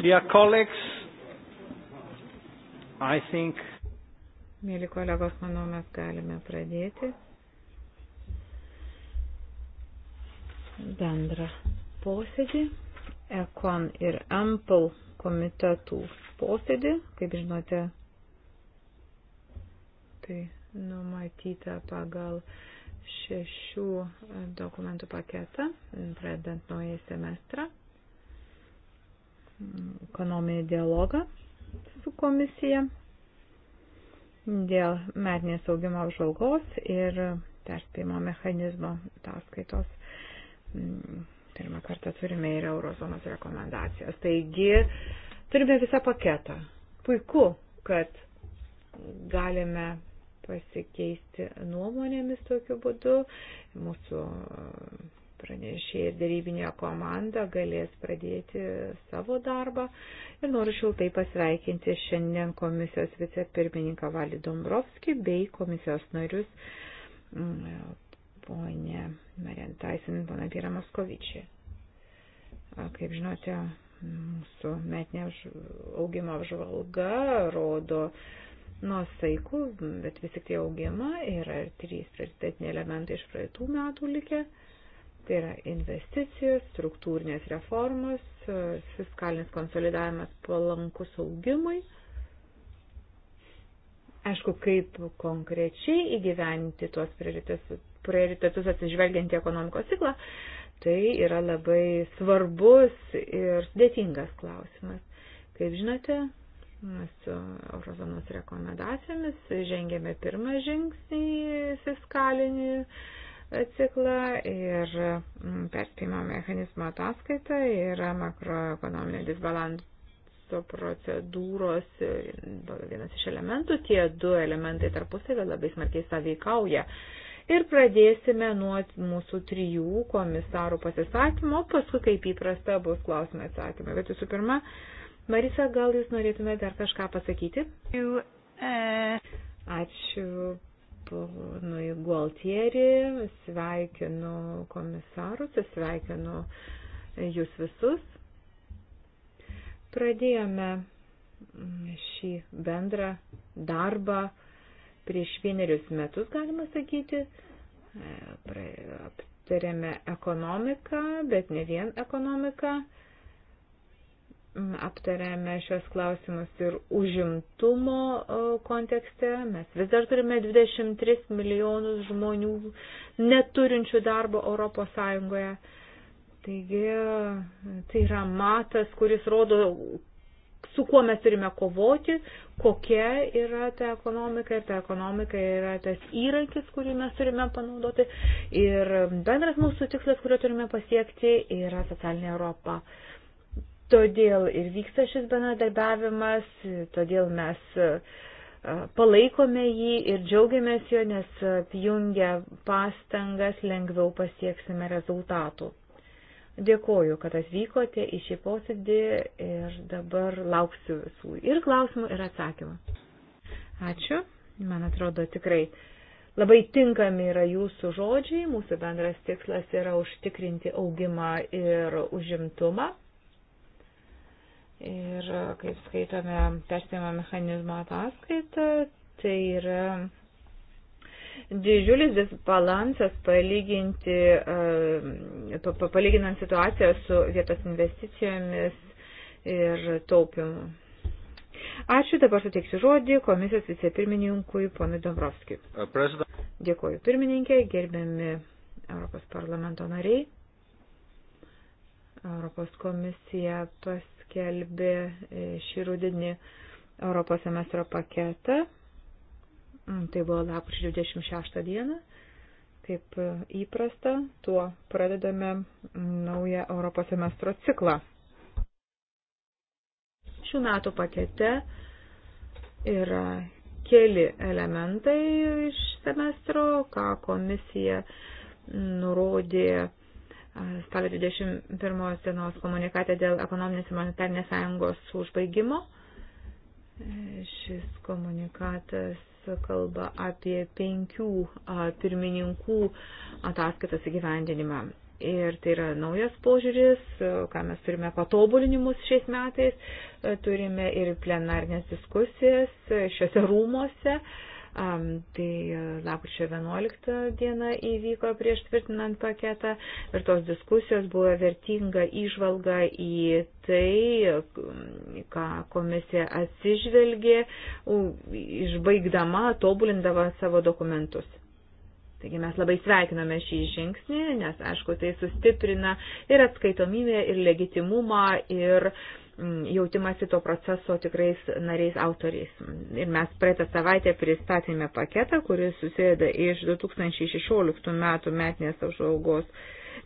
Dear colleagues, I think. Mėly kolegos, manau, mes galime pradėti bendrą posėdį, Ekon ir Ample komitetų posėdį, kaip žinote, tai numatyta pagal šešių dokumentų paketą, pradedant naują semestrą ekonominį dialogą su komisija dėl metinės augimo apžvalgos ir perspėjimo mechanizmo ataskaitos. Mm, pirmą kartą turime ir eurozonos rekomendacijas. Taigi, turime visą paketą. Puiku, kad galime pasikeisti nuomonėmis tokiu būdu. Mūsų pranešė ir darybinė komanda galės pradėti savo darbą. Ir noriu šiltai pasveikinti šiandien komisijos vicepirmininką Valį Dombrovskį bei komisijos narius mm, ponė Marian Taisin, ponė Pira Moskovičiai. Kaip žinote, mūsų metinė augimo apžvalga rodo nuosaikų, bet vis tik tai augimą yra ir trys prioritetiniai elementai iš praeitų metų likę. Tai yra investicijos, struktūrinės reformos, fiskalinis konsolidavimas palankus augimui. Aišku, kaip konkrečiai įgyventi tuos prioritetus atsižvelgiant į ekonomikos ciklą, tai yra labai svarbus ir sudėtingas klausimas. Kaip žinote, su Eurozonos rekomendacijomis žengėme pirmą žingsnį į fiskalinį ciklą ir mm, perspėjimo mechanizmo ataskaita yra makroekonominio disbalanso procedūros vienas iš elementų. Tie du elementai tarpusavė labai smarkiai sąveikauja. Ir pradėsime nuo mūsų trijų komisarų pasisakymo, paskui kaip įprasta bus klausimai atsakymai. Bet visų pirma, Marisa, gal jūs norėtumėte dar kažką pasakyti? Uh, Ačiū ponui Gualtieri, sveikinu komisarus, sveikinu jūs visus. Pradėjome šį bendrą darbą prieš vienerius metus, galima sakyti. Aptarėme ekonomiką, bet ne vien ekonomiką aptarėme šios klausimus ir užimtumo e, kontekste. Mes vis dar turime 23 milijonus žmonių neturinčių darbo Europos Sąjungoje. Taigi e, tai yra matas, kuris rodo, su kuo mes turime kovoti, kokia yra ta ekonomika ir ta ekonomika yra tas įrankis, kurį mes turime panaudoti. Ir bendras mūsų tikslas, kurio turime pasiekti, yra socialinė Europa. Uh, Todėl ir vyksta šis bendradarbiavimas, todėl mes e, palaikome jį ir džiaugiamės jo, nes jungia pastangas lengviau pasieksime rezultatų. Dėkoju, kad atvykote į šį posėdį ir dabar lauksiu visų ir klausimų, ir atsakymų. Ačiū, man atrodo tikrai labai tinkami yra jūsų žodžiai, mūsų bendras tikslas yra užtikrinti augimą ir užimtumą. Ir kaip skaitome perspėjimo mechanizmo ataskaitą, tai yra didžiulis disbalansas palyginti, e, palyginant situaciją su vietos investicijomis ir taupimu. Ačiū, dabar suteiksiu žodį komisijos vicepirmininkui ponui Dombrovskijui. Dėkuoju pirmininkė, gerbiami Europos parlamento nariai. Europos komisija pas paskelbė e, šį rudinį Europos semestro paketą. Mm, tai buvo lapkričio 26 dieną. Kaip e, įprasta, tuo pradedame mm, naują Europos semestro ciklą. Šių metų pakete yra keli elementai iš semestro, ką komisija nurodė spalio 21 dienos komunikatė dėl ekonominės ir monetarnės sąjungos užbaigimo. E, šis komunikatas kalba apie penkių pirmininkų ataskaitos įgyvendinimą. Ir tai yra naujas požiūris, ką mes turime patobulinimus šiais metais, e, turime ir plenarnės diskusijas e, šiuose rūmose. Tai e, lapkričio 11 diena įvyko prieš tvirtinant paketą ir tos diskusijos buvo vertinga išvalga į tai, e, ką komisija atsižvelgė, išbaigdama, tobulindama savo dokumentus. Taigi mes labai sveikiname šį žingsnį, nes, aišku, tai sustiprina ir atskaitomybę, ir legitimumą, ir uh, Mm, jautimasi to proceso tikrais nariais autoriais. Ir mes praeitą savaitę pristatėme paketą, kuris susėda iš 2016 metų metinės apžvalgos.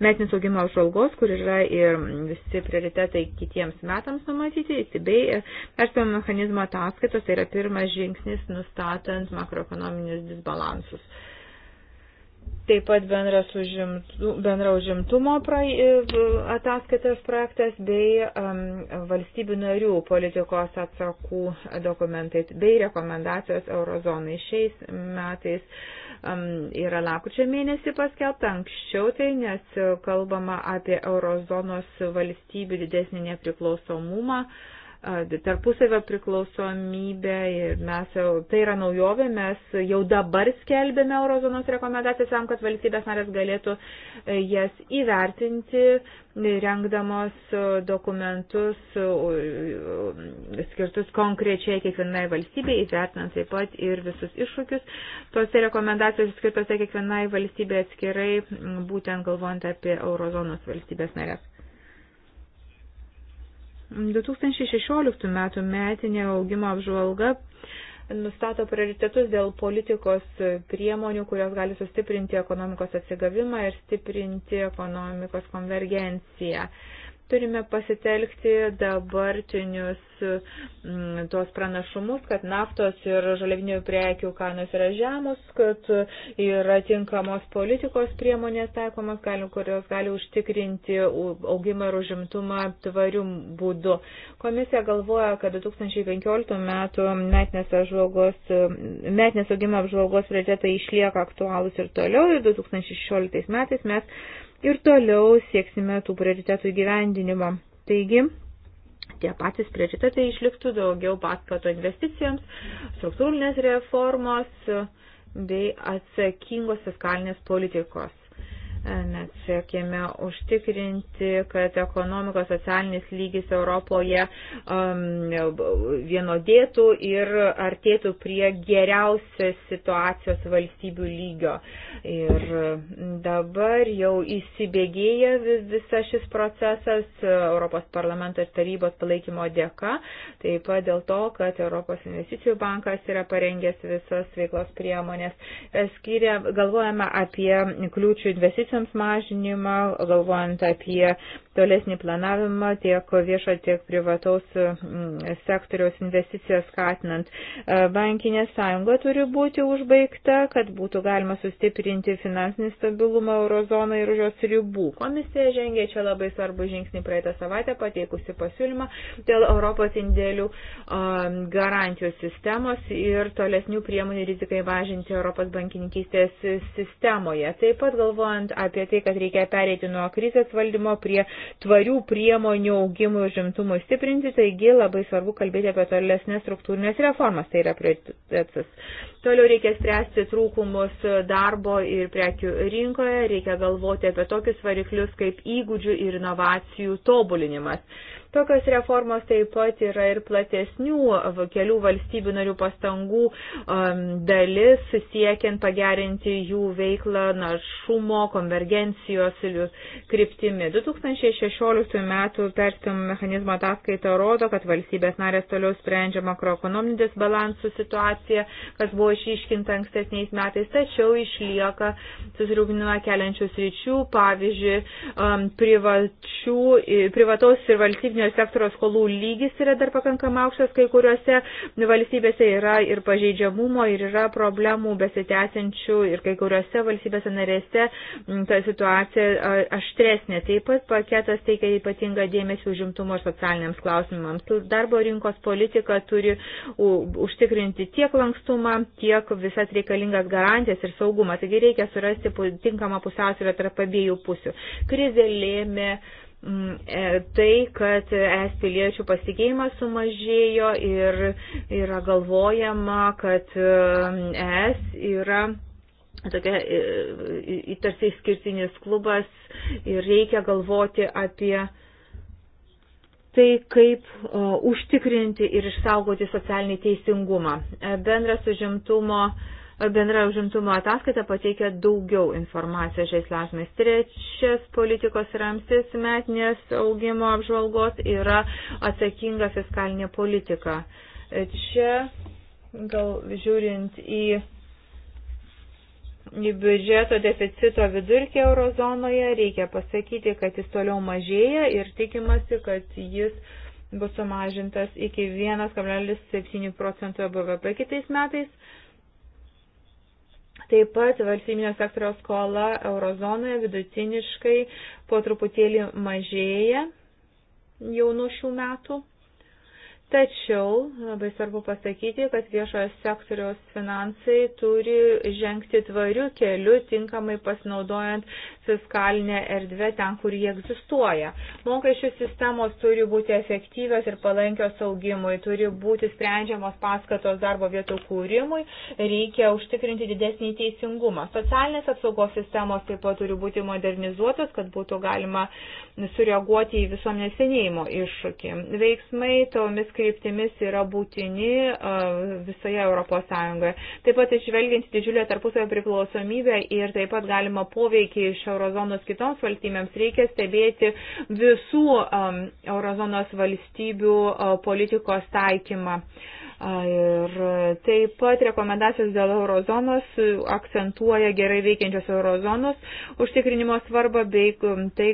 Metinės augimo apžvalgos, kur yra ir visi prioritetai kitiems metams numatyti, bei perspėjimo mechanizmo ataskaitos tai yra pirmas žingsnis nustatant makroekonominius disbalansus. Uh, taip pat bendras užimtų, bendra užimtumo prai, e, ataskaitos projektas bei um, valstybių narių politikos atsakų dokumentai bei rekomendacijos eurozonai šiais metais um, yra lakučio mėnesį paskelbta anksčiau tai, nes kalbama apie eurozonos valstybių didesnį nepriklausomumą. Uh, tarpusavio priklausomybė ir mes jau, tai yra naujovė, mes jau dabar skelbėme eurozonos rekomendacijas tam, kad valstybės narės galėtų e, jas įvertinti, rengdamos e, dokumentus e, skirtus konkrečiai kiekvienai valstybei, įvertinant taip pat ir visus iššūkius. Tuose rekomendacijose skirtose kiekvienai valstybei atskirai, būtent galvojant apie eurozonos valstybės narės. 2016 metų metinė augimo apžvalga nustato prioritetus dėl politikos priemonių, kurios gali sustiprinti ekonomikos atsigavimą ir stiprinti ekonomikos konvergenciją turime pasitelkti dabartinius m, mm, tuos pranašumus, kad naftos ir žaliavinių prekių kainos yra žemos, kad yra tinkamos politikos priemonės taikomos, kurios gali užtikrinti augimą ir užimtumą tvarių būdų. Komisija galvoja, kad 2015 metų metinės, apžvalgos, metinės augimo apžvalgos prioritetai išlieka aktualūs ir toliau ir 2016 metais mes ir toliau sieksime tų prioritetų įgyvendinimo. Taigi, tie patys prioritetai išliktų daugiau paskato investicijoms, struktūrinės reformos bei atsakingos fiskalinės politikos. Mes siekėme užtikrinti, kad ekonomikos socialinis lygis Europoje um, vienodėtų ir artėtų prie geriausios situacijos valstybių lygio. Ir dabar jau įsibėgėja vis, visas šis procesas Europos parlamento ir tarybos palaikymo dėka, taip pat dėl to, kad Europos investicijų bankas yra parengęs visas veiklos priemonės. Skiria, galvojame apie kliūčių investicijų resursams mažinimą, galvojant apie tolesnį planavimą tiek viešo, tiek privataus mm, sektoriaus investicijas skatinant. E, Bankinė sąjunga turi būti užbaigta, kad būtų galima sustiprinti finansinį stabilumą eurozoną ir už jos ribų. Komisija žengė čia labai svarbu žingsnį praeitą savaitę pateikusi pasiūlymą dėl Europos indėlių e, garantijos sistemos ir tolesnių priemonių rizikai mažinti Europos bankininkystės sistemoje. Taip pat galvojant apie tai, kad reikia pereiti nuo krizės valdymo prie tvarių priemonių augimui ir žimtumui stiprinti, taigi labai svarbu kalbėti apie tolesnės struktūrinės reformas, tai yra prioritetas. Toliau reikia spręsti trūkumus darbo ir prekių rinkoje, reikia galvoti apie tokius variklius kaip įgūdžių ir inovacijų tobulinimas Tokios reformos taip pat yra ir platesnių kelių valstybių narių pastangų um, dalis siekiant pagerinti jų veiklą našumo, konvergencijos kryptimi. 2016 m. perspėjimo mechanizmo ataskaita rodo, kad valstybės narės toliau sprendžia makroekonominį disbalansų situaciją, kas buvo išiškinta ankstesniais metais, tačiau išlieka susirūpinimą keliančių sričių, pavyzdžiui, um, privačių, privataus ir valstybinio bankinio sektorio skolų lygis yra dar pakankamai aukštas, kai kuriuose valstybėse yra ir pažeidžiamumo, ir yra problemų besitęsiančių, ir kai kuriuose valstybėse narėse ta situacija aštresnė. Taip pat paketas teikia ypatingą dėmesį užimtumo ir socialiniams klausimams. Darbo rinkos politika turi užtikrinti tiek lankstumą, tiek visas reikalingas garantijas ir saugumą. Taigi reikia surasti tinkamą pusiausvyrą tarp abiejų pusių. Krizė lėmė uh, Mm, e, tai, kad es piliečių pasikeimas sumažėjo ir yra galvojama, kad mm, es yra tokia e, tarsi išskirtinis klubas ir reikia galvoti apie tai, kaip o, užtikrinti ir išsaugoti socialinį teisingumą. E, bendras užimtumo o, bendra užimtumo ataskaita pateikia daugiau informacijos šiais klausimais. Trečias politikos ramstis metinės augimo apžvalgos yra atsakinga fiskalinė politika. Čia gal žiūrint į į biudžeto deficito vidurkį eurozonoje, reikia pasakyti, kad jis toliau mažėja ir tikimasi, kad jis bus sumažintas iki 1,7 procento BVP kitais metais. Taip pat valstybinio sektoriaus skola eurozonoje vidutiniškai po truputėlį mažėja jau nuo šių metų. Tačiau labai svarbu pasakyti, kad viešojo sektoriaus finansai turi žengti tvariu keliu, tinkamai pasinaudojant fiskalinę erdvę ten, kur jie egzistuoja. Mokesčių sistemos turi būti efektyvios ir palankios augimui, turi būti sprendžiamos paskatos darbo vietų kūrimui, reikia užtikrinti didesnį teisingumą. Socialinės apsaugos sistemos taip pat turi būti modernizuotos, kad būtų galima sureaguoti į visuomenės senėjimo iššūkį. Veiksmai tomis kryptimis yra būtini visoje Europos Sąjungoje. Taip pat išvelgiant didžiulę tarpusavio priklausomybę ir taip pat galima poveikį iš eurozonos kitoms valstybėms, reikia stebėti visų um, eurozonos valstybių uh, politikos taikymą. Uh, Ir taip pat rekomendacijos dėl eurozonos e, akcentuoja gerai veikiančios eurozonos užtikrinimo svarbą bei um, tai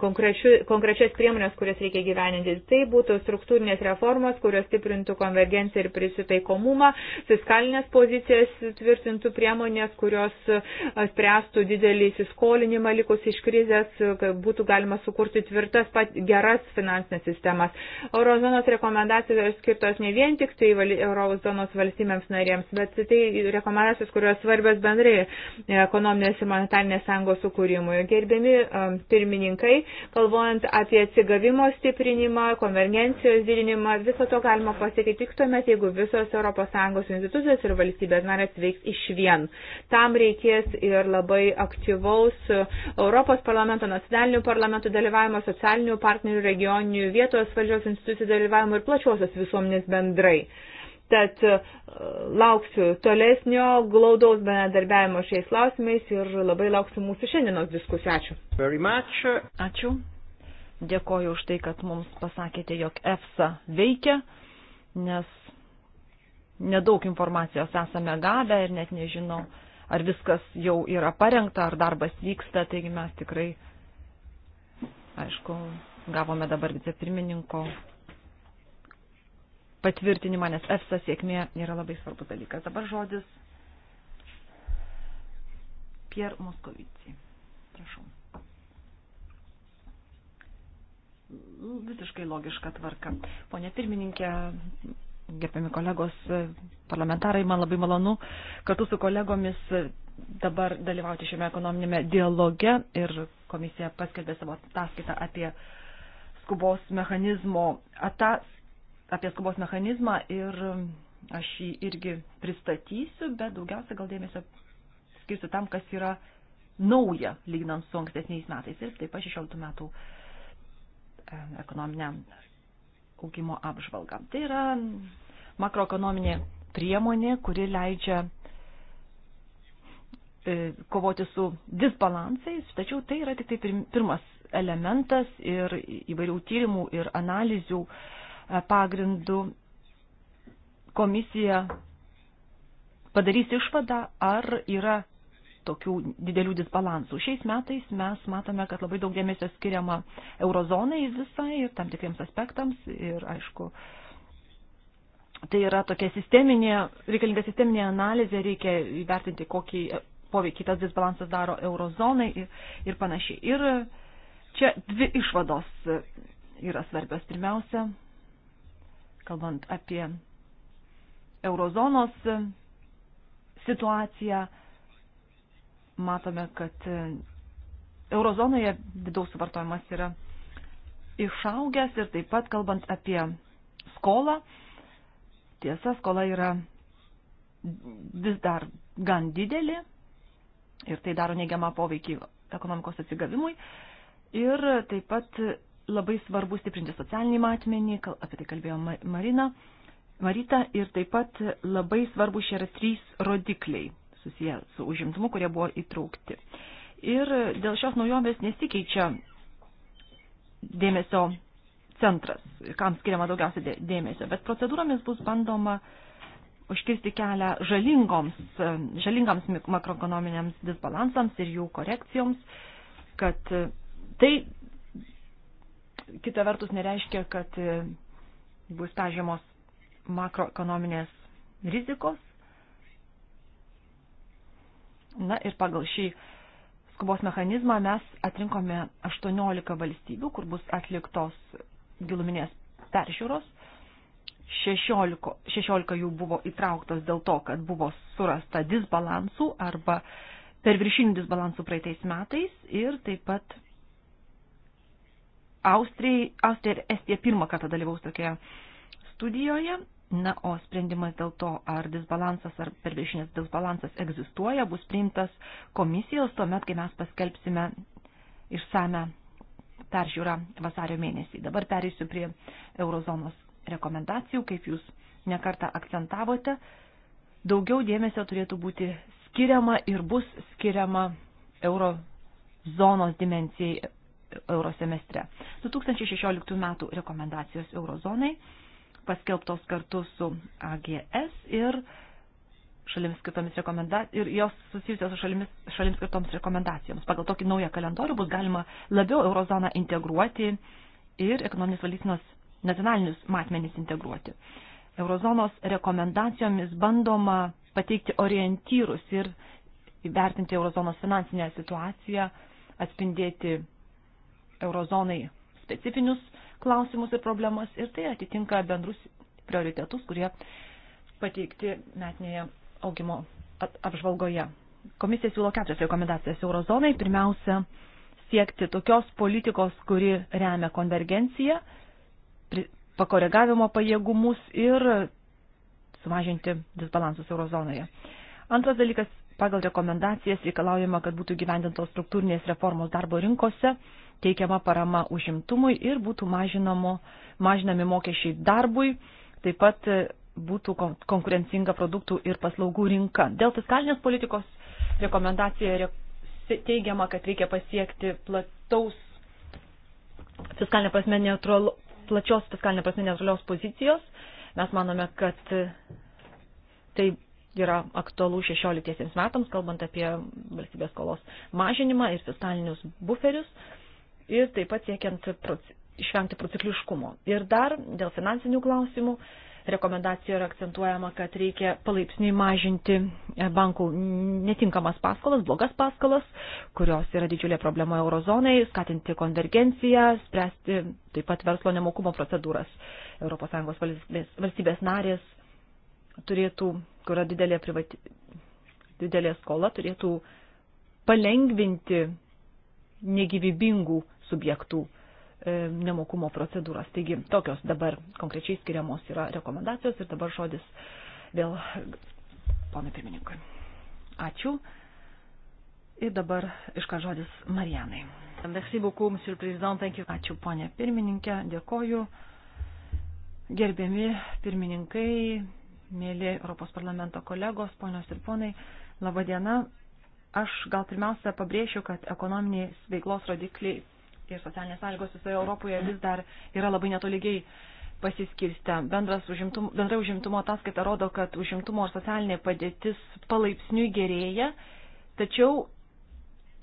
konkrečias priemonės, kurias reikia gyveninti. Tai būtų struktūrinės reformos, kurios stiprintų konvergenciją ir prisitaikomumą, fiskalinės pozicijas tvirtintų priemonės, kurios e, spręstų didelį įsiskolinimą likus iš krizės, e, kad būtų galima sukurti tvirtas, geras finansinės sistemas. Eurozonos rekomendacijos skirtos ne vien tik tai valstybės eurozonos valstybėms narėms, bet tai rekomendacijos, kurios svarbios bendrai e, ekonominės ir monetarnės sąjungos sukūrimui. Gerbiami e, pirmininkai, kalbant apie atsigavimo stiprinimą, konvergencijos didinimą, viso to galima pasiekti tik tuomet, jeigu visos ES institucijos ir valstybės narės veiks iš vien. Tam reikės ir labai aktyvaus Europos parlamento, nacionalinių parlamentų dalyvavimo, socialinių partnerių, regioninių, vietos valdžios institucijų dalyvavimo ir plačiosios visuomenės bendrai. Tad e, lauksiu tolesnio glaudaus bendradarbiavimo šiais klausimais ir labai lauksiu mūsų šiandienos diskusijų. Ačiū. Ačiū. Dėkoju už tai, kad mums pasakėte, jog EFSA veikia, nes nedaug informacijos esame gavę ir net nežinau, ar viskas jau yra parengta, ar darbas vyksta, taigi mes tikrai, aišku, gavome dabar vicepirmininko patvirtinimą, nes EFSA sėkmė yra labai svarbus dalykas. Dabar žodis Pierre Moskovici. Prašau. Visiškai logiška tvarka. Pone pirmininkė, gerbiami kolegos parlamentarai, man labai malonu kartu su kolegomis dabar dalyvauti šiame ekonominėme dialoge ir komisija paskelbė savo ataskaitą apie skubos mechanizmo atas apie skubos mechanizmą ir aš jį irgi pristatysiu, bet daugiausia gal dėmesio skirsiu tam, kas yra nauja, lyginant su ankstesniais metais ir taip pat 16 metų e, ekonominę augimo apžvalgą. Tai yra makroekonominė priemonė, kuri leidžia e, kovoti su disbalansais, tačiau tai yra tik tai pirmas elementas ir įvairių tyrimų ir analizių uh, pagrindų komisija padarys išvadą, ar yra tokių didelių disbalansų. Šiais metais mes matome, kad labai daug dėmesio skiriama eurozonai visai ir tam tikriems aspektams ir, aišku, tai yra tokia sisteminė, reikalinga sisteminė analizė, reikia įvertinti, kokį poveikį tas disbalansas daro eurozonai ir, ir panašiai. Ir čia dvi išvados yra svarbios. Pirmiausia, kalbant apie eurozonos situaciją, matome, kad eurozonoje vidaus suvartojimas yra išaugęs ir taip pat kalbant apie skolą, tiesa, skola yra vis dar gan didelė ir tai daro neigiamą poveikį ekonomikos atsigavimui. Ir taip pat labai svarbu stiprinti socialinį matmenį, apie tai kalbėjo Marina, Marita, ir taip pat labai svarbu šie yra trys rodikliai susiję su užimtumu, kurie buvo įtraukti. Ir dėl šios naujovės nesikeičia dėmesio centras, kam skiriama daugiausia dėmesio, bet procedūromis bus bandoma užkirsti kelią žalingoms, žalingams makroekonominiams disbalansams ir jų korekcijoms, kad tai kita vertus nereiškia, kad e, bus pažymos makroekonominės rizikos. Na ir pagal šį skubos mechanizmą mes atrinkome 18 valstybių, kur bus atliktos giluminės peržiūros. 16, 16 jų buvo įtrauktos dėl to, kad buvo surasta disbalansų arba per viršinių disbalansų praeitais metais ir taip pat Austrijai, Austrija ir Estija pirmą kartą dalyvaus tokioje studijoje. Na, o sprendimas dėl to, ar disbalansas ar perviršinis disbalansas egzistuoja, bus priimtas komisijos tuomet, kai mes paskelbsime išsame peržiūrą vasario mėnesį. Dabar pereisiu prie eurozonos rekomendacijų, kaip jūs nekartą akcentavote. Daugiau dėmesio turėtų būti skiriama ir bus skiriama eurozonos dimencijai euro semestre. 2016 metų rekomendacijos eurozonai paskelbtos kartu su AGS ir šalims skirtomis rekomendacijomis ir jos susijusios su šalimis, šalims skirtoms rekomendacijoms. Pagal tokį naują kalendorių bus galima labiau eurozoną integruoti ir ekonominės valdysenos nacionalinius matmenys integruoti. Eurozonos rekomendacijomis bandoma pateikti orientyrus ir įvertinti eurozonos finansinę situaciją, atspindėti eurozonai specifinius klausimus ir problemas ir tai atitinka bendrus prioritetus, kurie pateikti metinėje augimo apžvalgoje. Komisija siūlo keturias rekomendacijas eurozonai. Pirmiausia, siekti tokios politikos, kuri remia konvergenciją, pakoregavimo pajėgumus ir sumažinti disbalansus eurozonoje. Antras dalykas, pagal rekomendacijas reikalaujama, kad būtų gyvendintos struktūrinės reformos darbo rinkose teikiama parama užimtumui ir būtų mažinamo, mažinami mokesčiai darbui, taip pat e, būtų konkurencinga produktų ir paslaugų rinka. Dėl fiskalinės politikos rekomendacija teigiama, kad reikia pasiekti plataus fiskalinė prasme neutralo, plačios fiskalinė prasme neutralios pozicijos. Mes manome, kad e, tai yra aktualu 16 metams, kalbant apie valstybės skolos mažinimą ir fiskalinius buferius ir taip pat siekiant išvengti procikliškumo. Ir dar dėl finansinių klausimų rekomendacijoje yra akcentuojama, kad reikia palaipsniui mažinti e, bankų netinkamas paskolas, blogas paskolas, kurios yra didžiulė problema eurozonai, skatinti konvergenciją, spręsti taip pat verslo nemokumo procedūras. ES valstybės narės turėtų, kur yra didelė, privati, didelė skola, turėtų palengvinti negyvybingų subjektų e, nemokumo procedūros. Taigi tokios dabar konkrečiai skiriamos yra rekomendacijos ir dabar žodis vėl ponai pirmininkui. Ačiū. Ir dabar iška žodis Marijanai. Merci beaucoup, monsieur le président. Thank you. Ačiū, ponė pirmininkė. Dėkoju. Gerbiami pirmininkai, mėly Europos parlamento kolegos, ponios ir ponai, laba diena. Aš gal pirmiausia pabrėšiu, kad ekonominiai veiklos rodikliai ir socialinės sąlygos visoje Europoje vis dar yra labai netolygiai pasiskirstę. Užimtum, bendra užimtumo ataskaita rodo, kad užimtumo ir socialinė padėtis palaipsniui gerėja, tačiau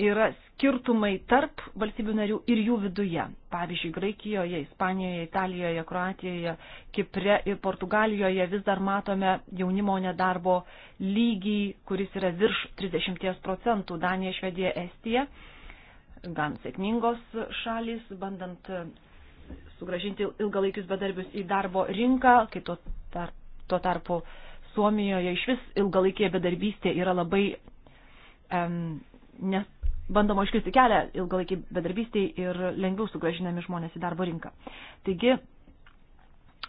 yra skirtumai tarp valstybių narių ir jų viduje. Pavyzdžiui, Graikijoje, Ispanijoje, Italijoje, Kroatijoje, Kipre ir Portugalijoje vis dar matome jaunimo nedarbo lygį, kuris yra virš 30 procentų, Danija, Švedija, Estija gan sėkmingos šalis, bandant sugražinti ilgalaikius bedarbius į darbo rinką, kai tuo, tar, tuo tarpu Suomijoje iš vis ilgalaikė bedarbystė yra labai, um, nes bandoma iškirsti kelią ilgalaikiai bedarbystėj ir lengviau sugražinami žmonės į darbo rinką. Taigi,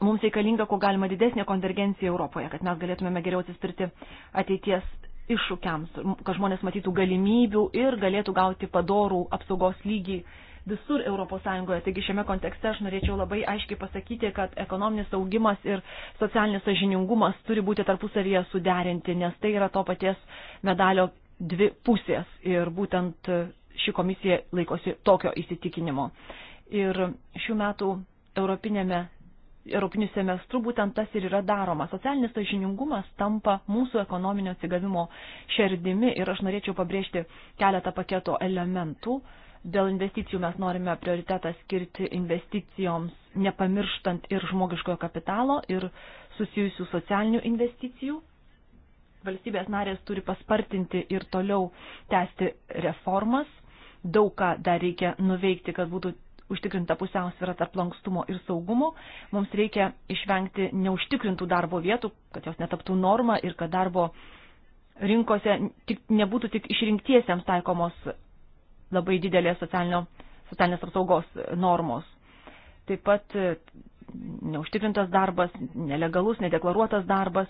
mums reikalinga, ko galima didesnė konvergencija Europoje, kad mes galėtumėme geriau atsispirti ateities iššūkiams, kad žmonės matytų galimybių ir galėtų gauti padorų apsaugos lygį visur ES. Taigi šiame kontekste aš norėčiau labai aiškiai pasakyti, kad ekonominis augimas ir socialinis sažiningumas turi būti tarpusavyje suderinti, nes tai yra to paties medalio dvi pusės ir būtent ši komisija laikosi tokio įsitikinimo. Ir šių metų Europinėme europiniu semestru būtent tas ir yra daroma. Socialinis sažiningumas tampa mūsų ekonominio atsigavimo šerdimi ir aš norėčiau pabrėžti keletą paketo elementų. Dėl investicijų mes norime prioritetą skirti investicijoms, nepamirštant ir žmogiškojo kapitalo, ir susijusių socialinių investicijų. Valstybės narės turi paspartinti ir toliau tęsti reformas. Daug ką dar reikia nuveikti, kad būtų užtikrinta pusiausvėra tarp lankstumo ir saugumo. Mums reikia išvengti neužtikrintų darbo vietų, kad jos netaptų norma ir kad darbo rinkose tik, nebūtų tik išrinktiesiems taikomos labai didelės socialinės apsaugos normos. Taip pat neužtikrintas darbas, nelegalus, nedeklaruotas darbas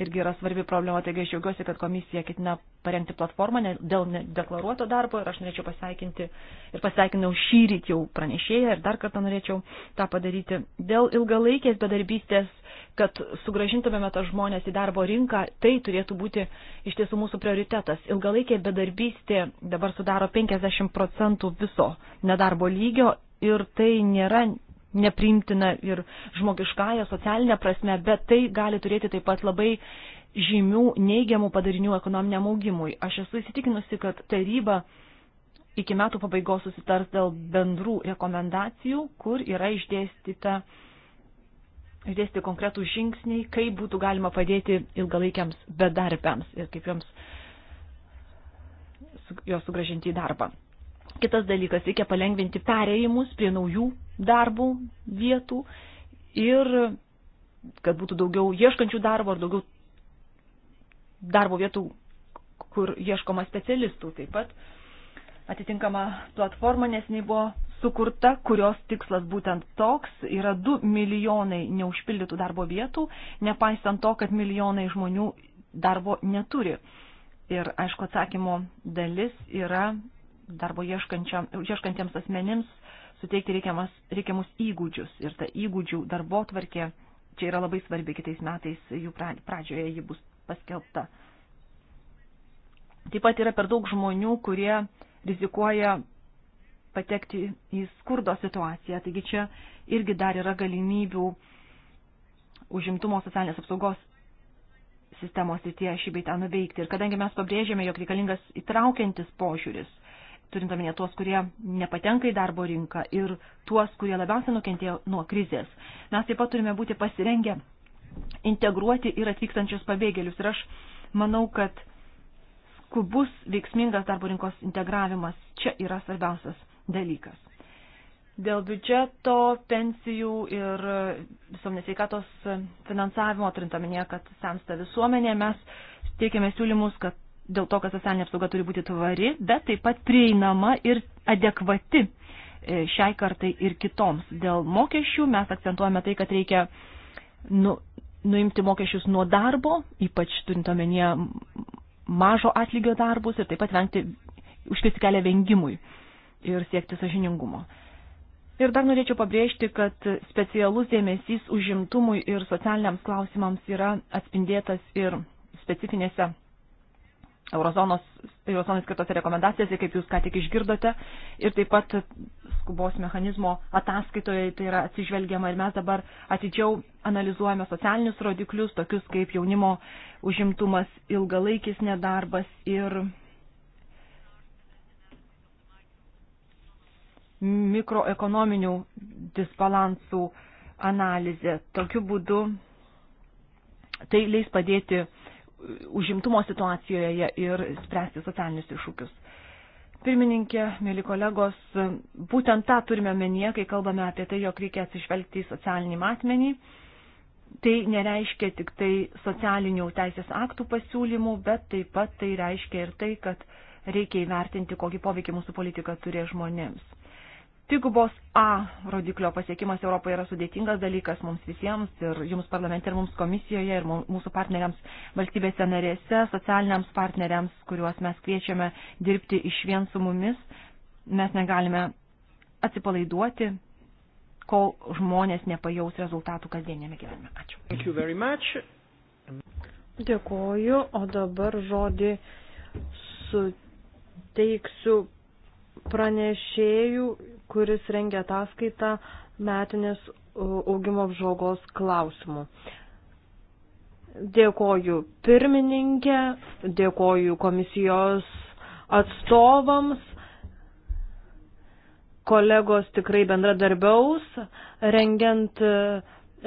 irgi yra svarbi problema. Taigi aš jaugiuosi, kad komisija ketina parengti platformą dėl nedeklaruoto darbo ir aš norėčiau pasveikinti ir pasveikinau šį rytį jau pranešėją ir dar kartą norėčiau tą padaryti. Dėl ilgalaikės bedarbystės, kad sugražintumėme tą žmonės į darbo rinką, tai turėtų būti iš tiesų mūsų prioritetas. Ilgalaikė bedarbystė dabar sudaro 50 procentų viso nedarbo lygio ir tai nėra nepriimtina ir žmogiškąją, socialinę prasme, bet tai gali turėti taip pat labai žymių neigiamų padarinių ekonominiam augimui. Aš esu įsitikinusi, kad taryba iki metų pabaigos susitars dėl bendrų rekomendacijų, kur yra išdėstyta išdėsti konkretų žingsniai, kaip būtų galima padėti ilgalaikiams bedarbiams ir kaip joms juos sugražinti į darbą. Kitas dalykas, reikia palengventi pereimus prie naujų darbų vietų ir kad būtų daugiau ieškančių darbo ar daugiau darbo vietų, kur ieškoma specialistų. Taip pat atitinkama platforma nesiniai buvo sukurta, kurios tikslas būtent toks yra 2 milijonai neužpildytų darbo vietų, nepaisant to, kad milijonai žmonių darbo neturi. Ir aišku, atsakymo dalis yra darbo ieškantiems asmenims suteikti reikiamas, reikiamus įgūdžius. Ir ta įgūdžių darbo tvarkė čia yra labai svarbi, kitais metais jų pradžioje ji bus paskelbta. Taip pat yra per daug žmonių, kurie rizikuoja patekti į skurdo situaciją. Taigi čia irgi dar yra galimybių užimtumo socialinės apsaugos sistemos rytyje šį beitą nuveikti. Ir kadangi mes pabrėžėme, jog reikalingas įtraukiantis požiūris, turint omenyje tuos, kurie nepatenka į darbo rinką ir tuos, kurie labiausiai nukentėjo nuo krizės. Mes taip pat turime būti pasirengę integruoti ir atvykstančius pabėgėlius. Ir aš manau, kad skubus veiksmingas darbo rinkos integravimas čia yra svarbiausias dalykas. Dėl biudžeto, pensijų ir visuomenės veikatos finansavimo, turint omenyje, kad sensta visuomenė, mes teikiame siūlymus, kad dėl to, kad socialinė apsauga turi būti tvari, bet taip pat prieinama ir adekvati e, šiai kartai ir kitoms. Dėl mokesčių mes akcentuojame tai, kad reikia nu, nuimti mokesčius nuo darbo, ypač turint omenyje mažo atlygio darbus ir taip pat vengti, užkirsti kelią vengimui ir siekti sažiningumo. Ir dar norėčiau pabrėžti, kad specialus dėmesys užimtumui ir socialiniams klausimams yra atspindėtas ir specifinėse eurozonos, eurozonos skirtose rekomendacijose, kaip jūs ką tik išgirdote, ir taip pat skubos mechanizmo ataskaitoje tai yra atsižvelgiama ir mes dabar atidžiau analizuojame socialinius rodiklius, tokius kaip jaunimo užimtumas, ilgalaikis nedarbas ir mikroekonominių disbalansų analizė. Tokiu būdu tai leis padėti užimtumo situacijoje ir spręsti socialinius iššūkius. Pirmininkė, mėly kolegos, būtent tą turime menyje, kai kalbame apie tai, jog reikia atsižvelgti į socialinį matmenį. Tai nereiškia tik tai socialinių teisės aktų pasiūlymų, bet taip pat tai reiškia ir tai, kad reikia įvertinti, kokį poveikį mūsų politika turės žmonėms. Tikubos A rodiklio pasiekimas Europoje yra sudėtingas dalykas mums visiems ir jums parlamente, ir mums komisijoje, ir mūsų partneriams valstybėse narėse, socialiniams partneriams, kuriuos mes kviečiame dirbti iš vien su mumis. Mes negalime atsipalaiduoti, kol žmonės nepajaus rezultatų kasdienėme gyvenime. Ačiū. Dėkoju, o dabar žodį suteiksiu pranešėjų kuris rengia ataskaitą metinės e, augimo apžvalgos klausimų. Dėkoju pirmininkė, dėkoju komisijos atstovams, kolegos tikrai bendradarbiaus, rengiant e,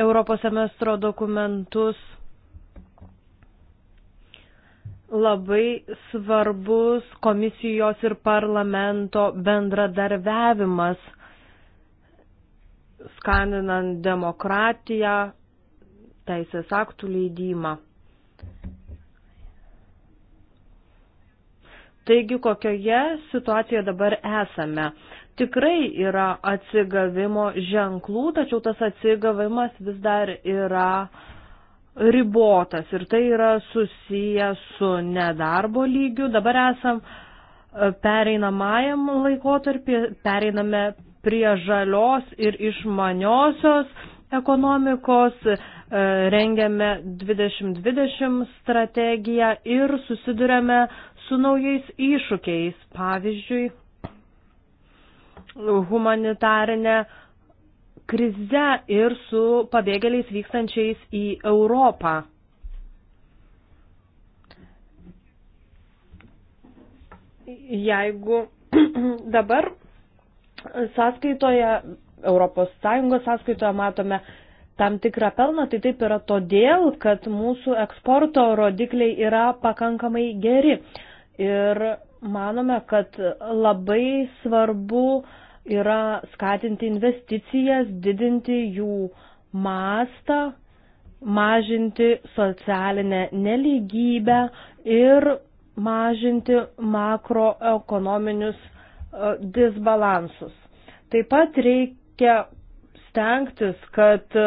Europos semestro dokumentus labai svarbus komisijos ir parlamento bendradarbiavimas, skaninant demokratiją, teisės aktų leidimą. Taigi, kokioje situacijoje dabar esame? Tikrai yra atsigavimo ženklų, tačiau tas atsigavimas vis dar yra uh, ribotas ir tai yra susiję su nedarbo lygiu. Dabar esam e, pereinamajam laikotarpį, pereiname prie žalios ir išmaniosios ekonomikos, e, rengiame 2020 strategiją ir susidurėme su naujais iššūkiais, pavyzdžiui, humanitarinė krize ir su pabėgėliais vykstančiais į Europą. Jeigu dabar sąskaitoje, ES sąskaitoje matome tam tikrą pelną, tai taip yra todėl, kad mūsų eksporto rodikliai yra pakankamai geri. Ir manome, kad labai svarbu uh, yra skatinti investicijas, didinti jų mastą, mažinti socialinę neligybę ir mažinti makroekonominius e, disbalansus. Taip pat reikia stengtis, kad e,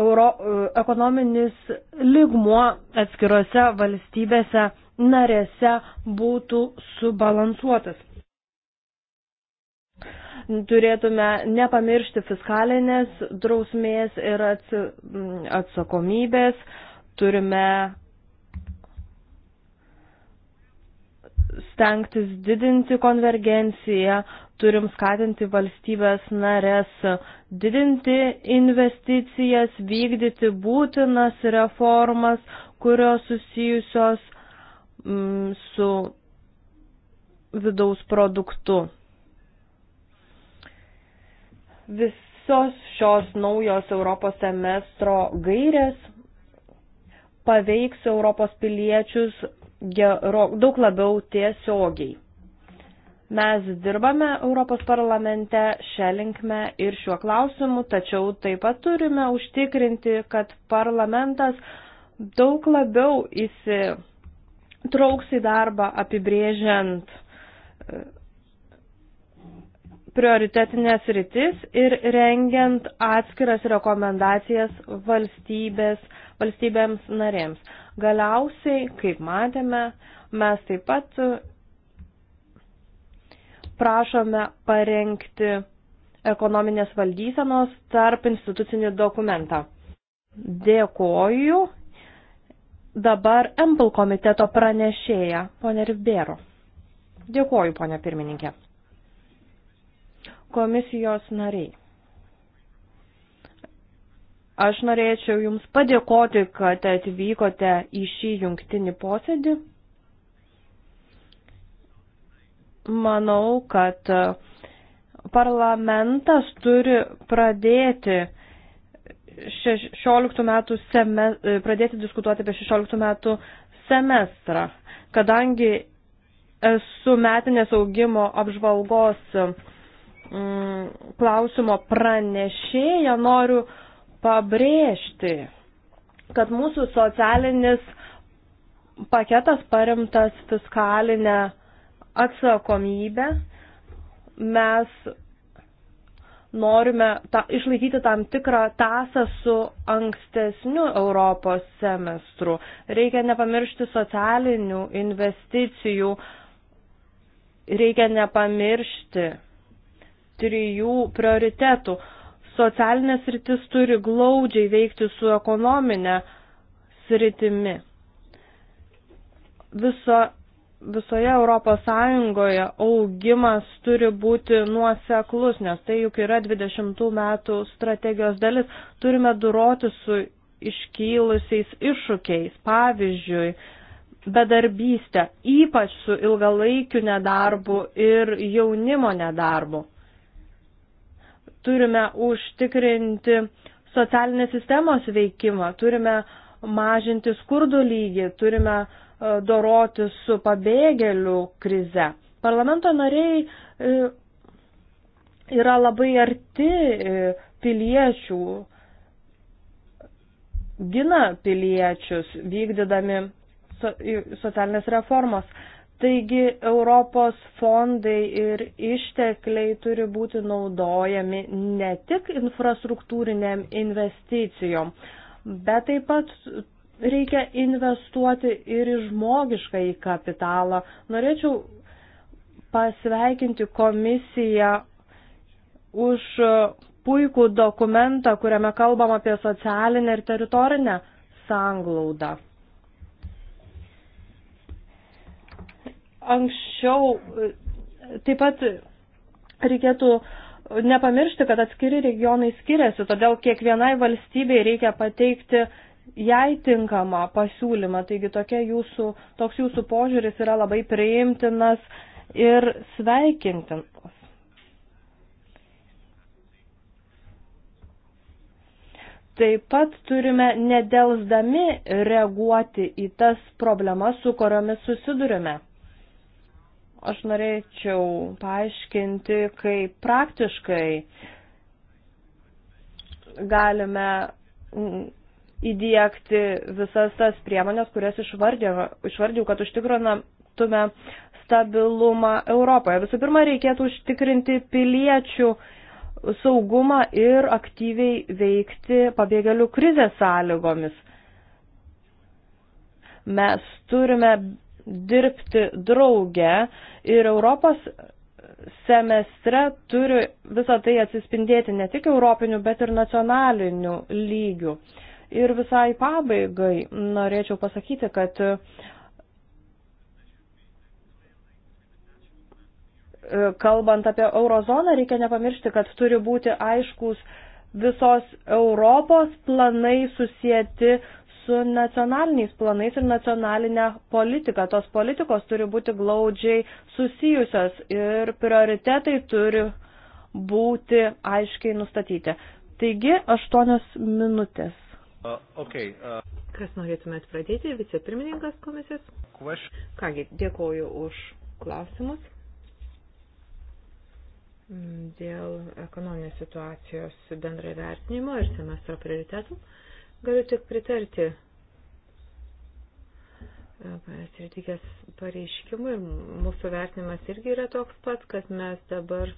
euro, e, ekonominis lygmuo atskirose valstybėse narėse būtų subalansuotas turėtume nepamiršti fiskalinės drausmės ir atsakomybės, turime stengtis didinti konvergenciją, turim skatinti valstybės narės didinti investicijas, vykdyti būtinas reformas, kurios susijusios mm, su vidaus produktu. Visos šios naujos Europos semestro gairės paveiks Europos piliečius gero, daug labiau tiesiogiai. Mes dirbame Europos parlamente šią linkmę ir šiuo klausimu, tačiau taip pat turime užtikrinti, kad parlamentas daug labiau įsitrauks į darbą apibrėžiant prioritetinės rytis ir rengiant atskiras rekomendacijas valstybės, valstybėms narėms. Galiausiai, kaip matėme, mes taip pat prašome parengti ekonominės valdysenos tarp institucinį dokumentą. Dėkoju. Dabar MPL komiteto pranešėja, ponė Ribero. Dėkoju, ponė pirmininkė komisijos nariai. Aš norėčiau Jums padėkoti, kad atvykote į šį jungtinį posėdį. Manau, kad parlamentas turi pradėti, 16 metų semes, pradėti diskutuoti apie 16 metų semestrą, kadangi esu metinės augimo apžvalgos Mm, klausimo pranešėją noriu pabrėžti, kad mūsų socialinis paketas paremtas fiskalinę atsakomybę. Mes norime ta, išlaikyti tam tikrą tasą su ankstesniu Europos semestru. Reikia nepamiršti socialinių investicijų, reikia nepamiršti trijų prioritetų. Socialinės rytis turi glaudžiai veikti su ekonominė sritimi. Viso, visoje Europos Sąjungoje augimas turi būti nuoseklus, nes tai juk yra 20 metų strategijos dalis. Turime duroti su iškylusiais iššūkiais, pavyzdžiui, bedarbystę, ypač su ilgalaikiu nedarbu ir jaunimo nedarbu. Turime užtikrinti socialinės sistemos veikimą, turime mažinti skurdo lygį, turime e, doroti su pabėgėlių krize. Parlamento nariai e, yra labai arti e, piliečių, gina piliečius, vykdydami socialinės reformos. Taigi Europos fondai ir ištekliai turi būti naudojami ne tik infrastruktūriniam investicijom, bet taip pat reikia investuoti ir į žmogišką į kapitalą. Norėčiau pasveikinti komisiją už puikų dokumentą, kuriame kalbam apie socialinę ir teritorinę sanglaudą. Anksčiau e, taip pat reikėtų nepamiršti, kad atskiri regionai skiriasi, todėl kiekvienai valstybei reikia pateikti jai tinkamą pasiūlymą. Taigi tokia jūsų, toks jūsų požiūris yra labai priimtinas ir sveikintinas. Taip pat turime nedelsdami reaguoti į tas problemas, su kuriomis susidurime. Aš norėčiau paaiškinti, kaip praktiškai galime įdėkti visas tas priemonės, kurias išvardėjau, kad užtikrinatume stabilumą Europoje. Visų pirma, reikėtų užtikrinti piliečių saugumą ir aktyviai veikti pabėgėlių krizės sąlygomis. Mes turime dirbti drauge ir Europos semestre turi visą tai atsispindėti ne tik europiniu, bet ir nacionaliniu lygiu. Ir visai pabaigai norėčiau pasakyti, kad e, kalbant apie eurozoną, reikia nepamiršti, kad turi būti aiškus visos Europos planai susijęti su nacionaliniais planais ir nacionalinė politika. Tos politikos turi būti glaudžiai susijusios ir prioritetai turi būti aiškiai nustatyti. Taigi, aštuonios minutės. Uh, okay, uh... Kas norėtumėt pradėti? Vicepirmininkas komisijos? Question. Kągi, dėkoju už klausimus. Mm, dėl ekonominės situacijos bendrai vertinimo ir semestro prioritetų. Uh, Galiu tik pritarti e, Sritikės pareiškimui ir mūsų vertinimas irgi yra toks pat, kad mes dabar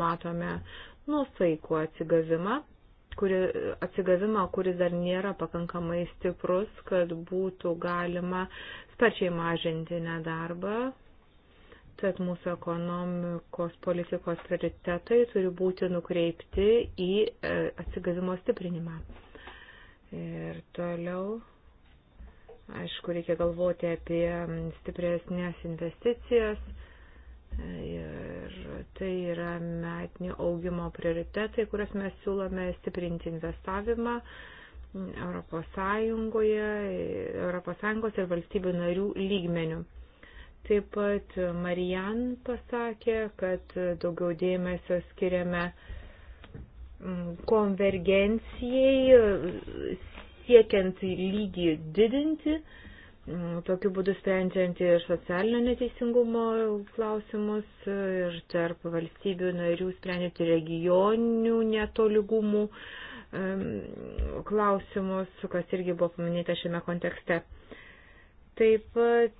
matome nusaikų atsigavimą, kuri, atsigavimą, kuris dar nėra pakankamai stiprus, kad būtų galima sparčiai mažinti nedarbą. Tad mūsų ekonomikos politikos prioritetai turi būti nukreipti į e, atsigavimo stiprinimą. Ir toliau, aišku, reikia galvoti apie stipresnės investicijas. Ir tai yra metinio augimo prioritetai, kurias mes siūlome stiprinti investavimą Europos Sąjungoje, Europos Sąjungos ir valstybių narių lygmenių. Taip pat Marijan pasakė, kad daugiau dėmesio skiriame uh, konvergencijai, siekiant lygį didinti, mm, tokiu būdu sprendžiant ir socialinio neteisingumo klausimus, ir tarp valstybių narių sprendžiant regioninių netolygumų klausimus, kas irgi buvo paminėta šiame kontekste. Taip pat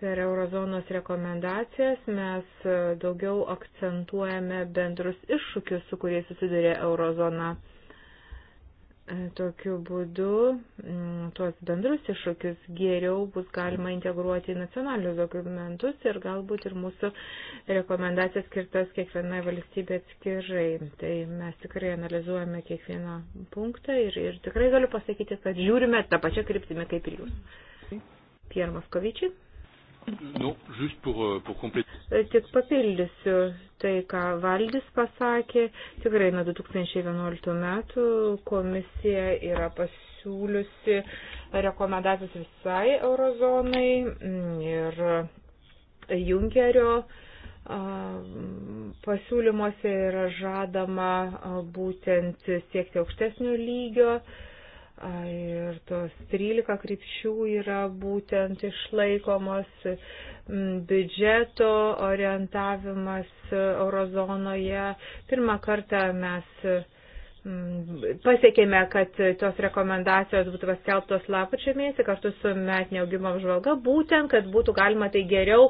Per eurozonos rekomendacijas mes e, daugiau akcentuojame bendrus iššūkius, su kuriais susiduria eurozona. E, tokiu būdu tuos bendrus iššūkius geriau bus galima integruoti į nacionalinius dokumentus ir galbūt ir mūsų rekomendacijas skirtas kiekvienai valstybė atskirai. Tai mes tikrai analizuojame kiekvieną punktą ir, ir tikrai galiu pasakyti, kad žiūrime tą pačią kryptimį kaip ir jūs. Pierre Moskovičiai. Euh, e, tik papildysiu tai, ką Valdis pasakė. Tikrai nuo 2011 metų komisija yra pasiūliusi rekomendacijas visai eurozonai mm, ir Junkerio pasiūlymuose yra žadama būtent siekti aukštesnio lygio Ir tos 13 krypčių yra būtent išlaikomos biudžeto orientavimas eurozonoje. Pirmą kartą mes pasiekėme, kad tos rekomendacijos būtų paskelbtos lapkričio mėnesį kartu su metinio augimo apžvalga, būtent, kad būtų galima tai geriau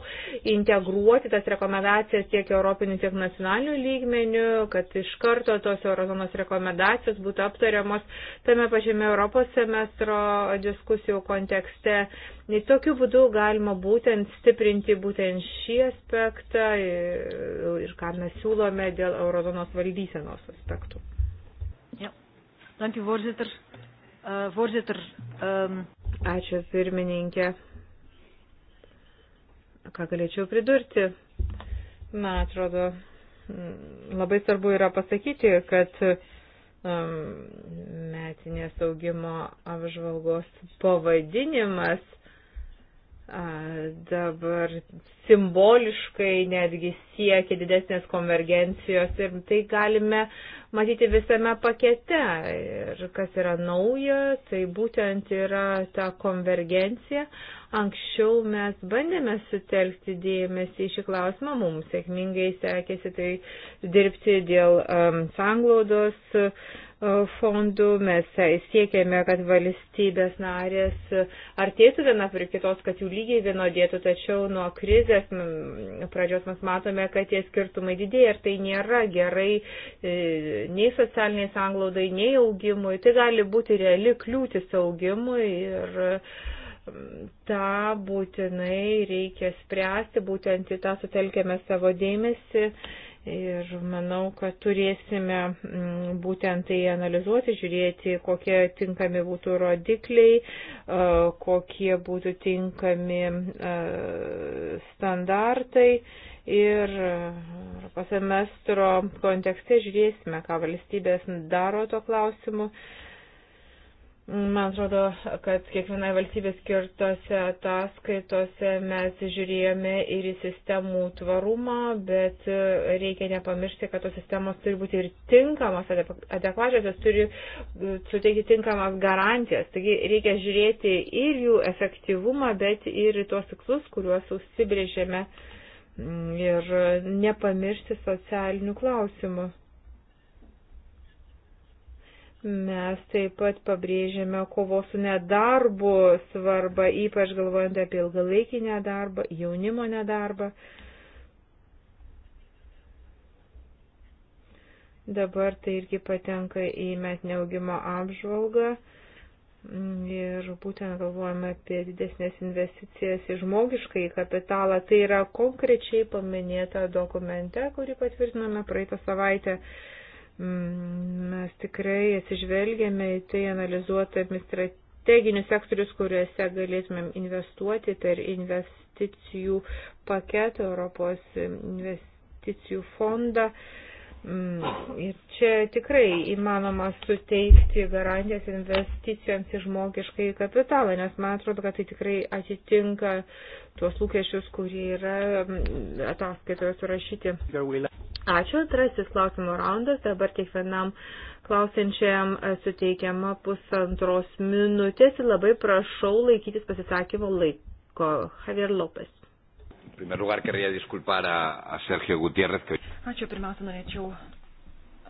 integruoti tas rekomendacijas tiek europinių, tiek nacionalinių lygmenių, kad iš karto tos eurozonos rekomendacijos būtų aptariamos tame pačiame Europos semestro diskusijų kontekste. Ir tokiu būdu galima būtent stiprinti būtent šį aspektą ir, ir ką mes siūlome dėl eurozonos valdysenos aspektų. Dank u voorzitter. Uh, voorzitter. Um... Ačiū pirmininkė. Ką galėčiau pridurti? Man atrodo, mm, labai svarbu yra pasakyti, kad um, metinės augimo apžvalgos pavadinimas dabar simboliškai netgi siekia didesnės konvergencijos ir tai galime matyti visame pakete. Ir kas yra nauja, tai būtent yra ta konvergencija. Anksčiau mes bandėme sutelkti dėmesį į šį klausimą, mums sėkmingai sekėsi tai dirbti dėl um, sanglaudos. Uh, fondų, mes siekėme, kad valstybės narės artėtų viena prie kitos, kad jų lygiai vienodėtų, tačiau nuo krizės mm, pradžios mes matome, kad tie skirtumai didėja ir tai nėra gerai e, nei socialiniai sanglaudai, nei augimui. Tai gali būti reali kliūtis augimui ir mm, tą būtinai reikia spręsti, būtent į tą sutelkėme savo dėmesį Ir manau, kad turėsime mm, būtent tai analizuoti, žiūrėti, kokie tinkami būtų rodikliai, kokie būtų tinkami standartai. Ir pasemestro kontekste žiūrėsime, ką valstybės daro to klausimu. Man atrodo, kad kiekvienai valstybės skirtose ataskaitose mes žiūrėjome ir į sistemų tvarumą, bet reikia nepamiršti, kad tos sistemos turi būti ir tinkamos, adekvačios, jos turi e, suteikti tinkamas garantijas. Taigi reikia žiūrėti ir jų efektyvumą, bet ir į tuos tikslus, kuriuos užsibrėžėme mm, ir nepamiršti socialinių klausimų. Mes taip pat pabrėžiame kovos su nedarbu svarbą, ypač galvojant apie ilgalaikį nedarbą, jaunimo nedarbą. Dabar tai irgi patenka į metinę augimo apžvalgą ir būtent galvojame apie didesnės investicijas į žmogiškai kapitalą. Tai yra konkrečiai paminėta dokumente, kurį patvirtiname praeitą savaitę. Mm, mes tikrai atsižvelgėme į tai analizuotami strateginius sektorius, kuriuose galėtumėm investuoti per investicijų paketą Europos investicijų fondą. Mm, ir čia tikrai įmanoma suteikti garantijas investicijoms į žmogiškai kapitalą, nes man atrodo, kad tai tikrai atitinka tuos lūkesčius, kurie yra mm, ataskaitoje surašyti. Ačiū. Trasis klausimo raundas. Dabar kiekvienam klausiančiam e, suteikiama pusantros minutės ir labai prašau laikytis pasisakymo laiko. Javier Lopes. Ačiū. Pirmiausia, norėčiau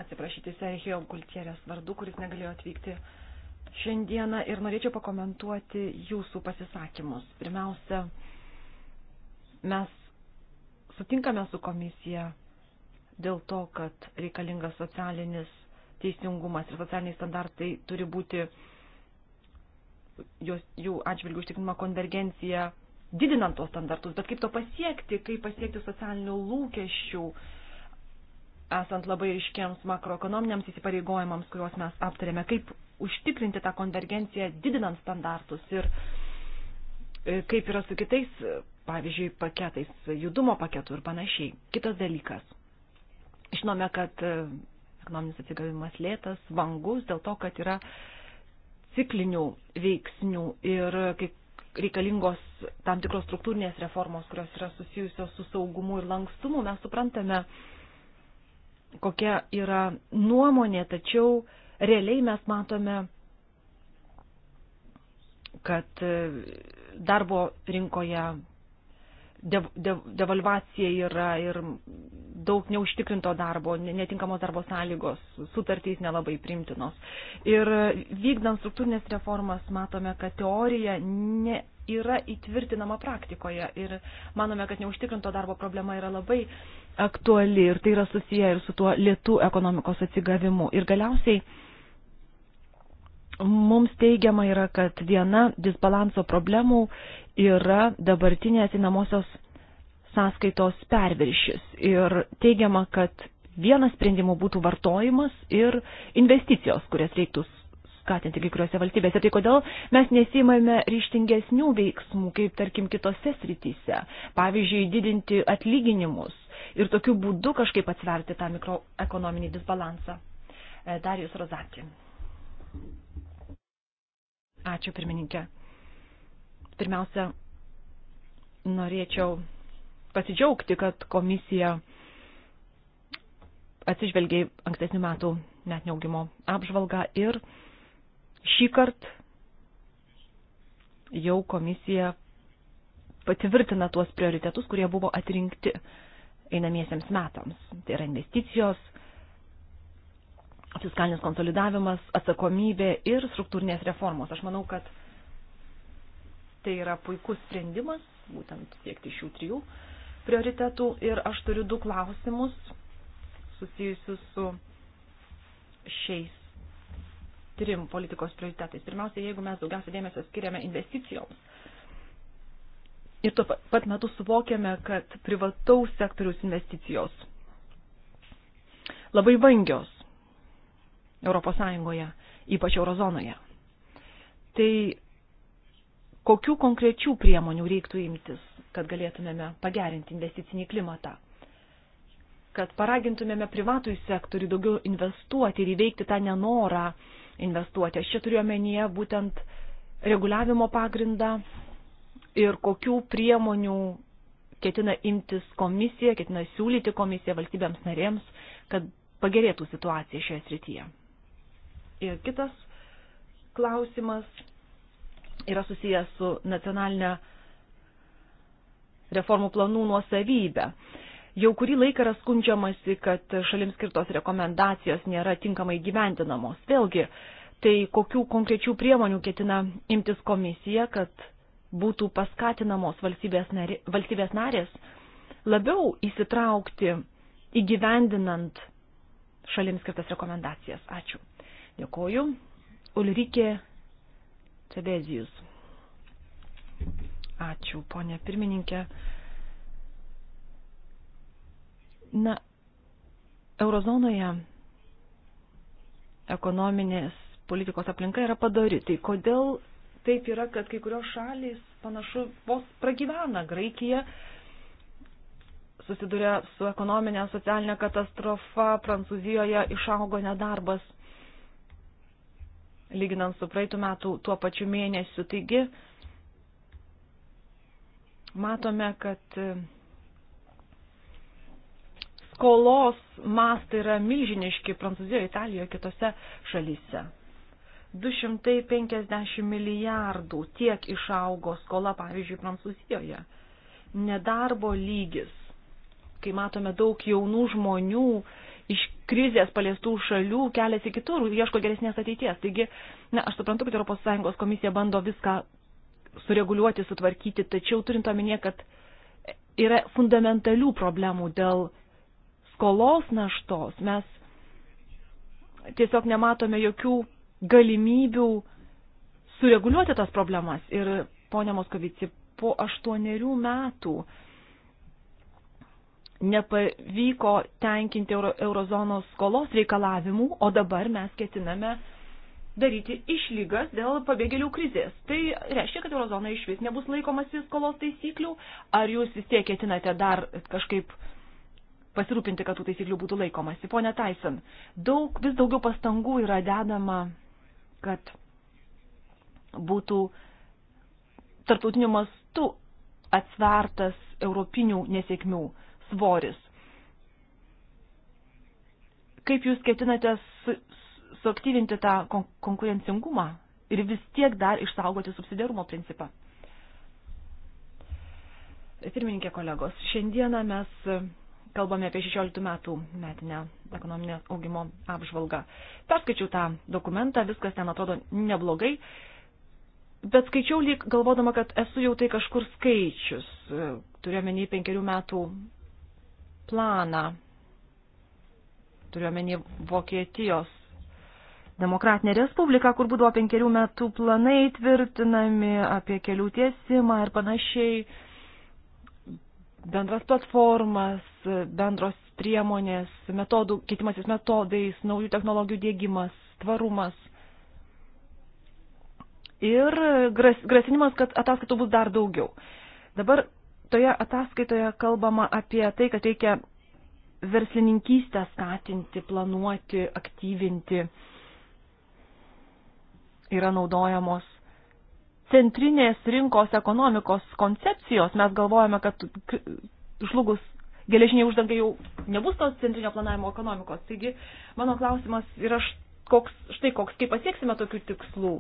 atsiprašyti Sergio Gultierės vardu, kuris negalėjo atvykti šiandieną ir norėčiau pakomentuoti jūsų pasisakymus. Pirmiausia, mes sutinkame su komisija dėl to, kad reikalingas socialinis teisingumas ir socialiniai standartai turi būti jos, jų atžvilgių užtikrinama konvergencija, didinant tos standartus, bet kaip to pasiekti, kaip pasiekti socialinių lūkesčių, esant labai iškiams makroekonominiams įsipareigojimams, kuriuos mes aptarėme, kaip užtikrinti tą konvergenciją, didinant standartus ir e, kaip yra su kitais, pavyzdžiui, paketais, judumo paketu ir panašiai. Kitas dalykas Žinome, kad e, ekonominis atsigavimas lėtas, vangus, dėl to, kad yra ciklinių veiksnių ir e, kaip reikalingos tam tikros struktūrinės reformos, kurios yra susijusios su saugumu ir lankstumu, mes suprantame, kokia yra nuomonė, tačiau realiai mes matome, kad e, darbo rinkoje dev, dev, devalvacija yra ir daug neužtikrinto darbo, netinkamos darbo sąlygos, sutartys nelabai primtinos. Ir vykdant struktūrinės reformas matome, kad teorija ne, yra įtvirtinama praktikoje ir manome, kad neužtikrinto darbo problema yra labai aktuali ir tai yra susiję ir su tuo lietu ekonomikos atsigavimu. Ir galiausiai mums teigiama yra, kad viena disbalanso problemų yra dabartinės įnamosios sąskaitos perviršis. Ir teigiama, kad vienas sprendimų būtų vartojimas ir investicijos, kurias reiktų skatinti kai kuriuose valstybėse. Tai kodėl mes nesimame ryštingesnių veiksmų, kaip tarkim kitose srityse, pavyzdžiui, didinti atlyginimus ir tokiu būdu kažkaip atsverti tą mikroekonominį disbalansą. E, Darius Rozatė. Ačiū, pirmininkė. Pirmiausia, norėčiau pasidžiaugti, kad komisija atsižvelgiai ankstesnių metų net neaugimo apžvalgą ir šį kartą jau komisija patvirtina tuos prioritetus, kurie buvo atrinkti einamiesiems metams. Tai yra investicijos, fiskalinis konsolidavimas, atsakomybė ir struktūrinės reformos. Aš manau, kad tai yra puikus sprendimas, būtent siekti šių trijų prioritetų. Ir aš turiu du klausimus susijusius su šiais trim politikos prioritetais. Pirmiausia, jeigu mes daugiausia dėmesio skiriame investicijoms ir tuo pat metu suvokiame, kad privataus sektoriaus investicijos labai vangios ES, ypač eurozonoje. Tai kokių konkrečių priemonių reiktų imtis, kad galėtumėme pagerinti investicinį klimatą, kad paragintumėme privatų sektorių daugiau investuoti ir įveikti tą nenorą investuoti. Aš čia turiu omenyje būtent reguliavimo pagrindą ir kokių priemonių ketina imtis komisija, ketina siūlyti komisija valstybėms narėms, kad pagerėtų situacija šioje srityje. Ir kitas klausimas yra susijęs su nacionalinė reformų planų nuosavybė. Jau kurį laiką yra skundžiamasi, kad šalims skirtos rekomendacijos nėra tinkamai gyventinamos. Vėlgi, tai kokių konkrečių priemonių ketina imtis komisija, kad būtų paskatinamos valstybės, narė, valstybės narės labiau įsitraukti įgyvendinant šalims skirtas rekomendacijas. Ačiū. Dėkoju. Ulrike Cebezijus. Ačiū, ponė pirmininkė. Na, eurozonoje ekonominės politikos aplinka yra padari. Tai kodėl taip yra, kad kai kurios šalys panašu vos pragyvena Graikija, susiduria su ekonominė socialinė katastrofa, Prancūzijoje išaugo nedarbas lyginant su praeitų metų tuo pačiu mėnesiu. Taigi, matome, kad e, skolos mastai yra milžiniški Prancūzijoje, Italijoje, kitose šalyse. 250 milijardų tiek išaugo skola, pavyzdžiui, Prancūzijoje. Nedarbo lygis, kai matome daug jaunų žmonių, iš krizės paliestų šalių keliasi kitur, ieško geresnės ateities. Taigi, na, aš suprantu, kad ES komisija bando viską sureguliuoti, sutvarkyti, tačiau turint omenyje, kad yra fundamentalių problemų dėl skolos naštos, mes tiesiog nematome jokių galimybių sureguliuoti tas problemas. Ir, ponia Moskovici, po aštuonerių metų nepavyko tenkinti euro, eurozonos skolos reikalavimų, o dabar mes ketiname daryti išlygas dėl pabėgėlių krizės. Tai reiškia, kad eurozona iš vis nebus laikomasi skolos taisyklių, ar jūs vis tiek ketinate dar kažkaip pasirūpinti, kad tų taisyklių būtų laikomasi. Pone Tyson, daug, vis daugiau pastangų yra dedama, kad būtų tarptautiniu mastu atsvertas europinių nesėkmių svoris. Kaip jūs ketinate su, suaktyvinti tą kon konkurencingumą ir vis tiek dar išsaugoti subsidiarumo principą? Pirmininkė kolegos, šiandieną mes kalbame apie 16 metų metinę ekonominio augimo apžvalgą. Perskaičiau tą dokumentą, viskas ten atrodo neblogai, bet skaičiau lyg galvodama, kad esu jau tai kažkur skaičius, turiuomenį penkerių metų planą. Turiuomenį Vokietijos Demokratinė Respublika, kur būdavo penkerių metų planai tvirtinami apie kelių tiesimą ir panašiai, bendras platformas, bendros priemonės, metodų, keitimasis metodais, naujų technologijų dėgymas, tvarumas. Ir gras, grasinimas, kad ataskaitų bus dar daugiau. Dabar toje ataskaitoje kalbama apie tai, kad reikia verslininkystę skatinti, planuoti, aktyvinti. Yra naudojamos centrinės rinkos ekonomikos koncepcijos. Mes galvojame, kad žlugus geležiniai uždangai jau nebus tos centrinio planavimo ekonomikos. Taigi mano klausimas yra koks, štai koks, kaip pasieksime tokių tikslų.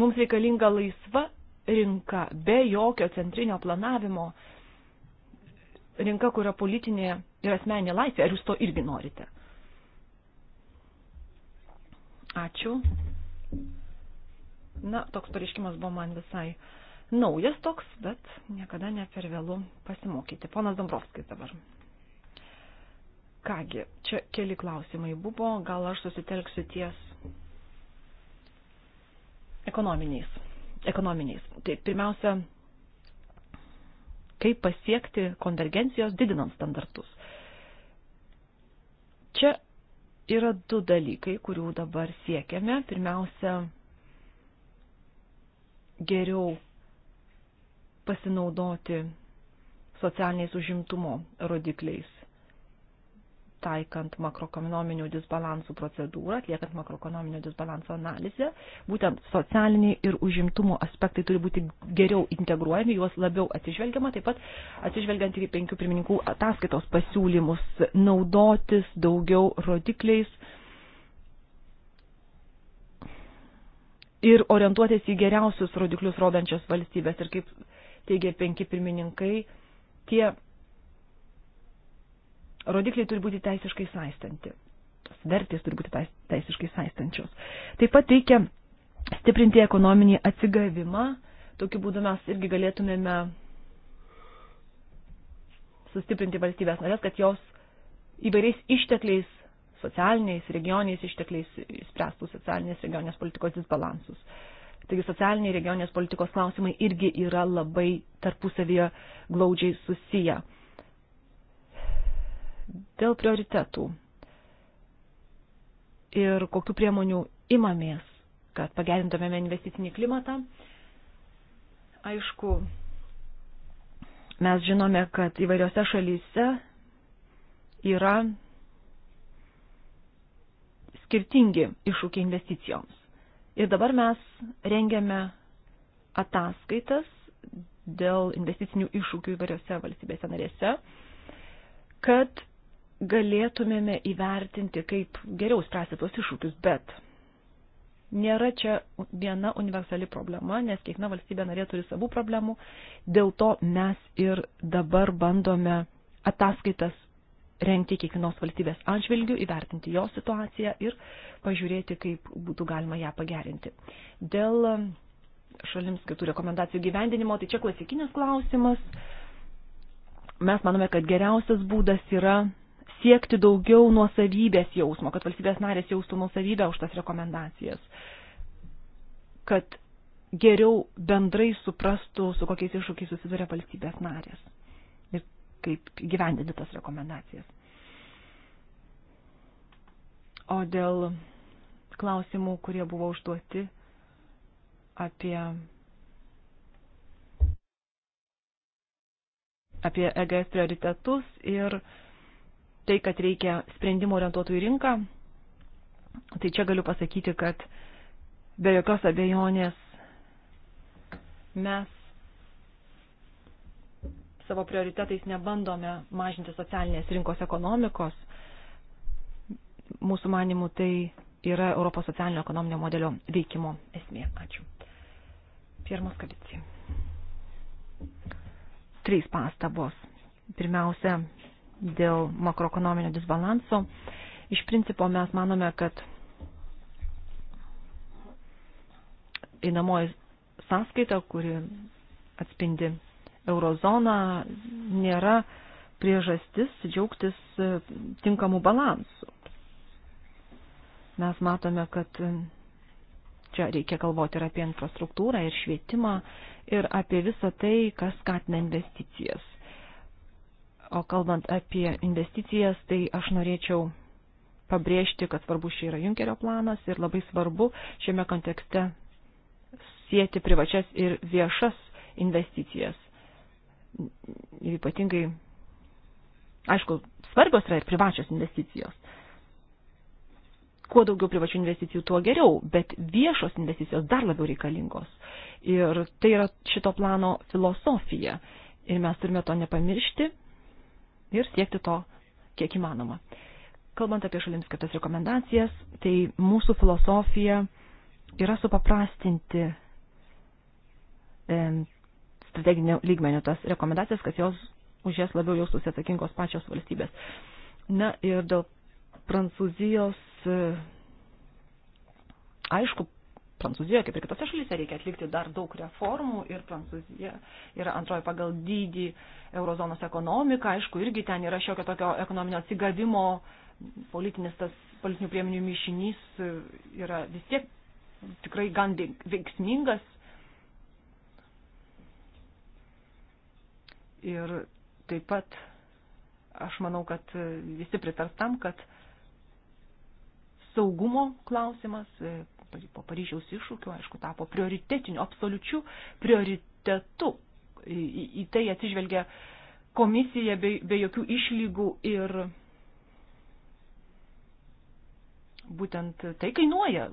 Mums reikalinga laisva rinka be jokio centrinio planavimo, rinka, kur yra politinė ir asmeninė laisvė. Ar jūs to irgi norite? Ačiū. Na, toks pareiškimas buvo man visai naujas toks, bet niekada ne per vėlų pasimokyti. Ponas Dombrovskis dabar. Kągi, čia keli klausimai buvo, gal aš susitelksiu ties ekonominiais ekonominiais. Tai pirmiausia, kaip pasiekti konvergencijos didinant standartus. Čia yra du dalykai, kurių dabar siekiame. Pirmiausia, geriau pasinaudoti socialiniais užimtumo rodikliais taikant makroekonominių disbalansų procedūrą, atliekant makroekonominio disbalanso analizę, būtent socialiniai ir užimtumo aspektai turi būti geriau integruojami, juos labiau atsižvelgiama, taip pat atsižvelgiant į penkių pirmininkų ataskaitos pasiūlymus, naudotis daugiau rodikliais ir orientuotis į geriausius rodiklius rodančias valstybės. Ir kaip teigia penki pirmininkai, tie rodikliai turi būti teisiškai saistanti. Tos vertės turi būti teisiškai saistančios. Taip pat reikia stiprinti ekonominį atsigavimą. Tokiu būdu mes irgi galėtumėme sustiprinti valstybės narės, kad jos įvairiais ištekliais, socialiniais, regioniais ištekliais spręstų socialinės regioninės politikos disbalansus. Taigi socialiniai regioninės politikos klausimai irgi yra labai tarpusavyje glaudžiai susiję dėl prioritetų ir kokiu priemonių imamės, kad pagerintumėme investicinį klimatą. Aišku, mes žinome, kad įvairiose šalyse yra skirtingi iššūkiai investicijoms. Ir dabar mes rengiame ataskaitas dėl investicinių iššūkių įvairiose valstybėse narėse, kad galėtumėme įvertinti, kaip geriau spręsti tuos iššūkius, bet nėra čia viena universali problema, nes kiekviena valstybė narė turi savų problemų, dėl to mes ir dabar bandome ataskaitas rengti kiekvienos valstybės atžvilgių, įvertinti jos situaciją ir pažiūrėti, kaip būtų galima ją pagerinti. Dėl šalims skirtų rekomendacijų gyvendinimo, tai čia klasikinis klausimas. Mes manome, kad geriausias būdas yra siekti daugiau nuosavybės jausmo, kad valstybės narės jaustų nuosavybę už tas rekomendacijas, kad geriau bendrai suprastų, su kokiais iššūkiais susiduria valstybės narės ir kaip gyvendinti tas rekomendacijas. O dėl klausimų, kurie buvo užduoti apie apie EGS prioritetus ir uh, tai, kad reikia sprendimų orientuotų į rinką, tai čia galiu pasakyti, kad be jokios abejonės mes savo prioritetais nebandome mažinti socialinės rinkos ekonomikos. Mūsų manimų tai yra Europos socialinio ekonominio modelio veikimo esmė. Ačiū. Pirmas kabicija. Trys pastabos. Pirmiausia, dėl makroekonominio disbalanso. Iš principo mes manome, kad einamoji sąskaita, kuri atspindi eurozoną, nėra priežastis džiaugtis e, tinkamų balansų. Mes matome, kad e, čia reikia galvoti ir apie infrastruktūrą, ir švietimą, ir apie visą tai, kas skatina investicijas. O kalbant apie investicijas, tai aš norėčiau pabrėžti, kad svarbu šį yra Junkerio planas ir labai svarbu šiame kontekste sieti privačias ir viešas investicijas. Ir ypatingai, aišku, svarbios yra ir privačios investicijos. Kuo daugiau privačių investicijų, tuo geriau, bet viešos investicijos dar labiau reikalingos. Ir tai yra šito plano filosofija. Ir mes turime to nepamiršti, ir siekti to, kiek įmanoma. Kalbant apie šalims skirtas rekomendacijas, tai mūsų filosofija yra supaprastinti strateginio lygmenio tas rekomendacijas, kad jos už jas labiau jaustųsi atsakingos pačios valstybės. Na ir dėl Prancūzijos, e, aišku, Prancūzijoje, kaip ir kitose šalyse, reikia atlikti dar daug reformų ir Prancūzija yra antroji pagal dydį eurozonos ekonomika. Aišku, irgi ten yra šiokio tokio ekonominio atsigavimo, politinis tas politinių priemonių mišinys yra vis tiek tikrai gan veiksmingas. Ir taip pat aš manau, kad visi pritars tam, kad saugumo klausimas, po Paryžiaus iššūkių, aišku, tapo prioritetiniu, absoliučiu prioritetu. Į, į, į tai atsižvelgia komisija be, be jokių išlygų ir būtent tai kainuoja.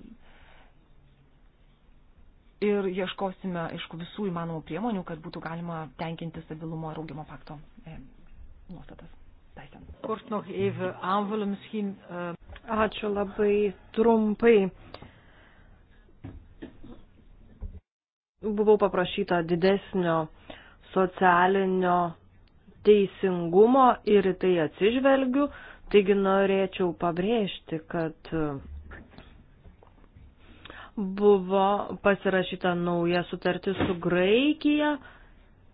Ir ieškosime, aišku, visų įmanomų priemonių, kad būtų galima tenkinti stabilumo ir augimo pakto e, nuostatas. Taisen. Kort nog even aanvullen misschien. Uh... Ačiū labai trumpai. Buvau paprašyta didesnio socialinio teisingumo ir į tai atsižvelgiu, taigi norėčiau pabrėžti, kad buvo pasirašyta nauja sutartis su Graikija,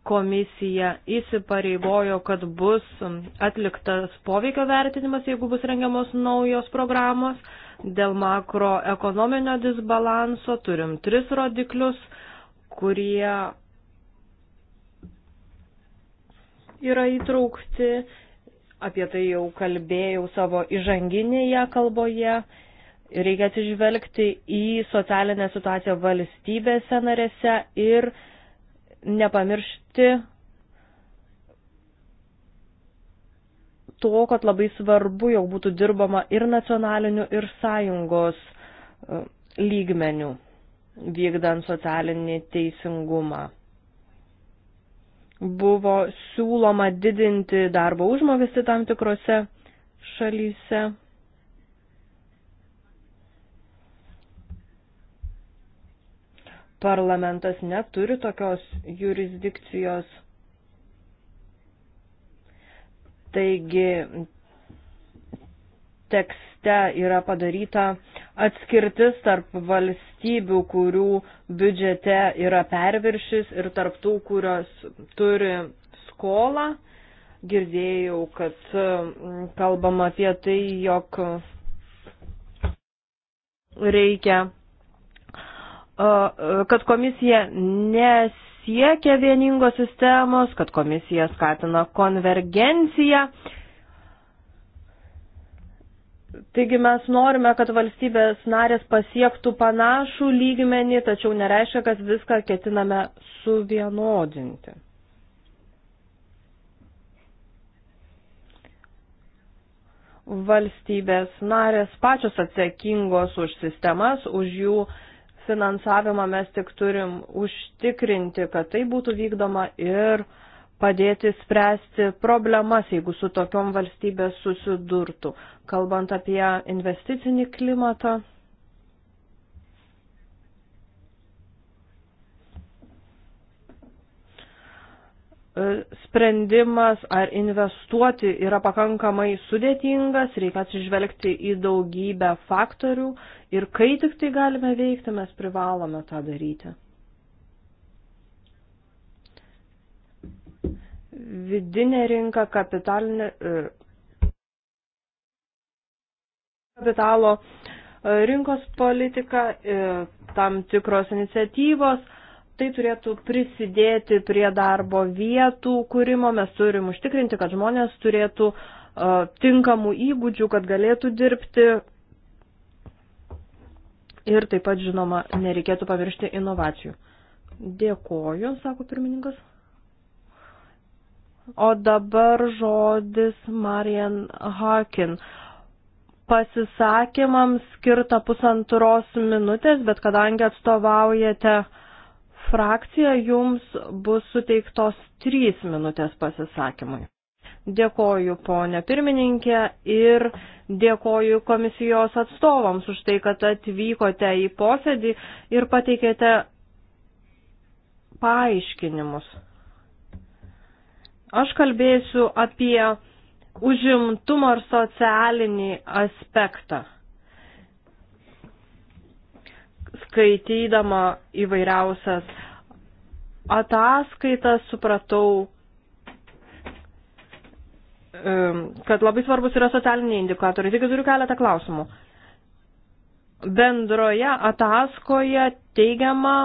komisija įsipareigojo, kad bus atliktas poveikio vertinimas, jeigu bus rengiamos naujos programos. Dėl makroekonominio disbalanso turim tris rodiklius kurie yra įtraukti, apie tai jau kalbėjau savo įžanginėje kalboje. Reikia atsižvelgti į socialinę situaciją valstybėse narėse ir nepamiršti to, kad labai svarbu, jog būtų dirbama ir nacionaliniu, ir sąjungos e, lygmeniu vykdant socialinį teisingumą. Buvo siūloma didinti darbo užmokestį tam tikrose šalyse. Parlamentas neturi tokios jurisdikcijos. Taigi tekste yra padaryta atskirtis tarp valstybių, kurių biudžete yra perviršis ir tarp tų, kurios turi skolą. Girdėjau, kad mm, kalbama apie tai, jog reikia, kad komisija nesiekia vieningos sistemos, kad komisija skatina konvergenciją Taigi mes norime, kad valstybės narės pasiektų panašų lygmenį, tačiau nereiškia, kad viską ketiname suvienodinti. Valstybės narės pačios atsakingos už sistemas, už jų finansavimą mes tik turim užtikrinti, kad tai būtų vykdoma ir uh, padėti spręsti problemas, jeigu su tokiom valstybės susidurtų. Kalbant apie investicinį klimatą. E, sprendimas ar investuoti yra pakankamai sudėtingas, reikia atsižvelgti į daugybę faktorių ir kai tik tai galime veikti, mes privalome tą daryti. vidinė rinka, kapitalinė, e, kapitalo e, rinkos politika, e, tam tikros iniciatyvos, tai turėtų prisidėti prie darbo vietų kūrimo. Mes turim užtikrinti, kad žmonės turėtų tinkamų įgūdžių, kad galėtų dirbti. Ir taip pat, žinoma, nereikėtų pamiršti inovacijų. Dėkoju, sako pirmininkas. O dabar žodis Marian Hakin. Pasisakymams skirta pusantros minutės, bet kadangi atstovaujate frakciją, jums bus suteiktos trys minutės pasisakymui. Dėkoju ponė pirmininkė ir dėkoju komisijos atstovams už tai, kad atvykote į posėdį ir pateikėte paaiškinimus. Aš kalbėsiu apie užimtumo ir socialinį aspektą. Skaitydama įvairiausias ataskaitas supratau, kad labai svarbus yra socialiniai indikatoriai. Taigi turiu keletą klausimų. Bendroje ataskoje teigiama,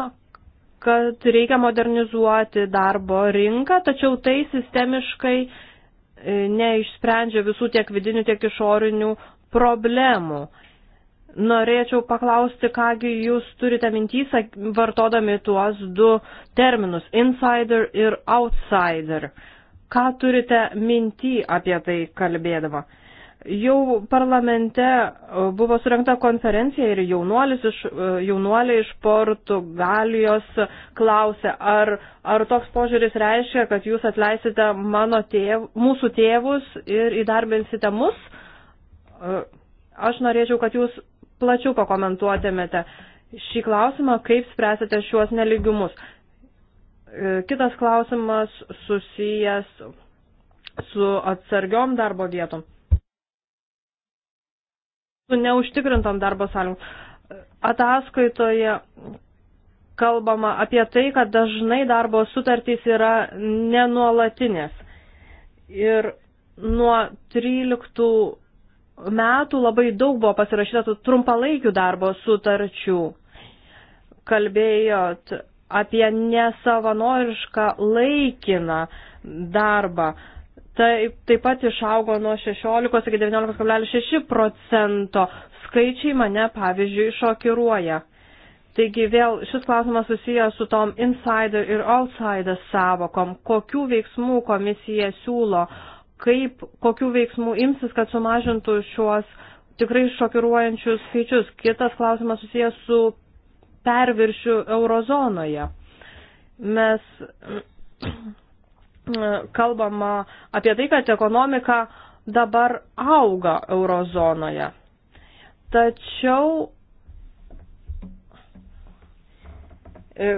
kad reikia modernizuoti darbo rinką, tačiau tai sistemiškai e, neišsprendžia visų tiek vidinių, tiek išorinių problemų. Norėčiau paklausti, kągi jūs turite mintys, vartodami tuos du terminus - insider ir outsider. Ką turite minty apie tai kalbėdama? Jau parlamente e, buvo surinkta konferencija ir jaunuolis iš, e, jaunuoliai iš Portugalijos klausė, ar, ar toks požiūris reiškia, kad jūs atleisite mano tėv, mūsų tėvus ir įdarbinsite mus. E, aš norėčiau, kad jūs plačiau pakomentuotumėte šį klausimą, kaip spręsite šiuos neligimus. Kitas klausimas susijęs su atsargiom darbo vietom su neužtikrintom darbo sąlygom. Ataskaitoje kalbama apie tai, kad dažnai darbo sutartys yra nenuolatinės. Ir nuo 13 metų labai daug buvo pasirašyta tų trumpalaikių darbo sutarčių. Kalbėjot apie nesavanorišką laikiną darbą taip, taip pat išaugo nuo 16 iki 19,6 procento. Skaičiai mane, pavyzdžiui, šokiruoja. Taigi vėl šis klausimas susijęs su tom insider ir outsider savokom. Kokių veiksmų komisija siūlo, kaip, kokių veiksmų imsis, kad sumažintų šiuos tikrai šokiruojančius skaičius. Kitas klausimas susijęs su perviršiu eurozonoje. Mes kalbama apie tai, kad ekonomika dabar auga eurozonoje. Tačiau e,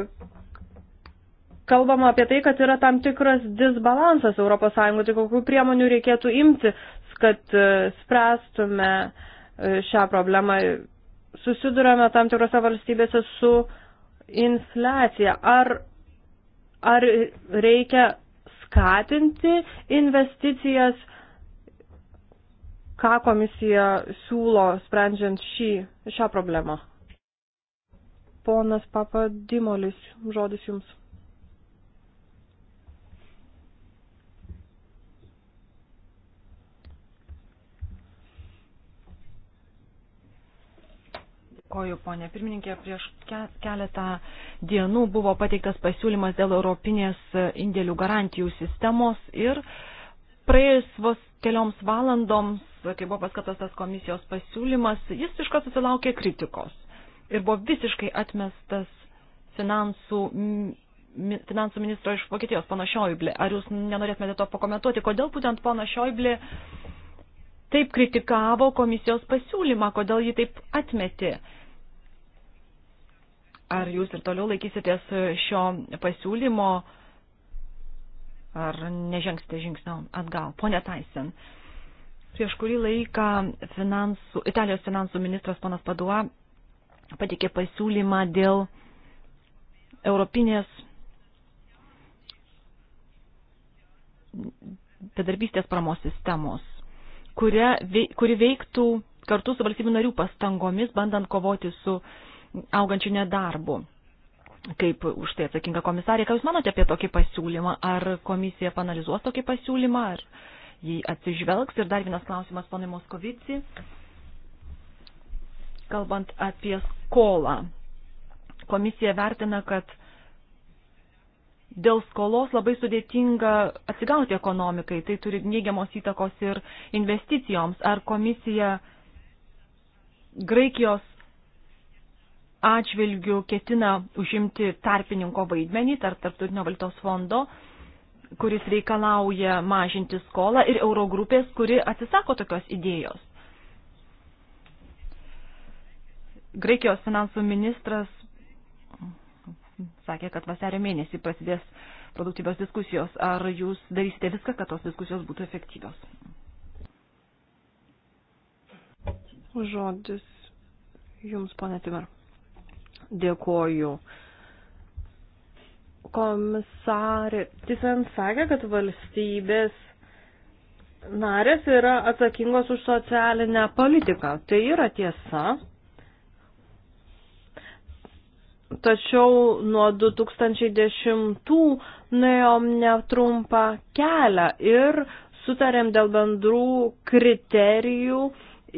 kalbama apie tai, kad yra tam tikras disbalansas ES, tai kokių priemonių reikėtų imti, kad e, spręstume e, šią problemą. Susidurėme tam tikrose valstybėse su infliacija. Ar, ar reikia skatinti investicijas, ką komisija siūlo sprendžiant šį, šią problemą. Ponas Papadimolis, žodis jums. Dėkoju, ponė pirmininkė. Prieš keletą dienų buvo pateiktas pasiūlymas dėl Europinės indėlių garantijų sistemos ir praėjus vos kelioms valandoms, kai buvo paskatas tas komisijos pasiūlymas, jis iš karto susilaukė kritikos ir buvo visiškai atmestas finansų, finansų ministro iš Vokietijos, pana Šioiblė. Ar jūs nenorėtumėte to pakomentuoti, kodėl būtent pana Šioiblė taip kritikavo komisijos pasiūlymą, kodėl jį taip atmetė. Ar jūs ir toliau laikysitės e, šio pasiūlymo, ar nežengsite žingsnio atgal? Pone Taisen, prieš kurį laiką finansų, Italijos finansų ministras ponas Padua patikė pasiūlymą dėl europinės bedarbystės paramos sistemos, kuria, kuri veiktų kartu su valstybių narių pastangomis, bandant kovoti su uh, augančių nedarbų. Kaip už tai atsakinga komisarė, ką Jūs manote apie tokį pasiūlymą? Ar komisija panalizuos tokį pasiūlymą, ar jį atsižvelgs? Ir dar vienas klausimas, ponai Moskovici, kalbant apie skolą. Komisija vertina, kad dėl skolos labai sudėtinga atsigauti ekonomikai, tai turi neigiamos įtakos ir investicijoms. Ar komisija Graikijos atžvilgių ketina užimti tarpininko vaidmenį tarp Tarptautinio valiutos fondo, kuris reikalauja mažinti skolą, ir Eurogrupės, kuri atsisako tokios idėjos. Graikijos finansų ministras sakė, kad vasario mėnesį prasidės produktyvios diskusijos. Ar jūs darysite viską, kad tos diskusijos būtų efektyvios? Žodis jums, ponė Timar dėkoju. Komisarė Tisen sakė, kad valstybės narės yra atsakingos už socialinę politiką. Tai yra tiesa. Tačiau nuo 2010 nuėjom netrumpą kelią ir sutarėm dėl bendrų kriterijų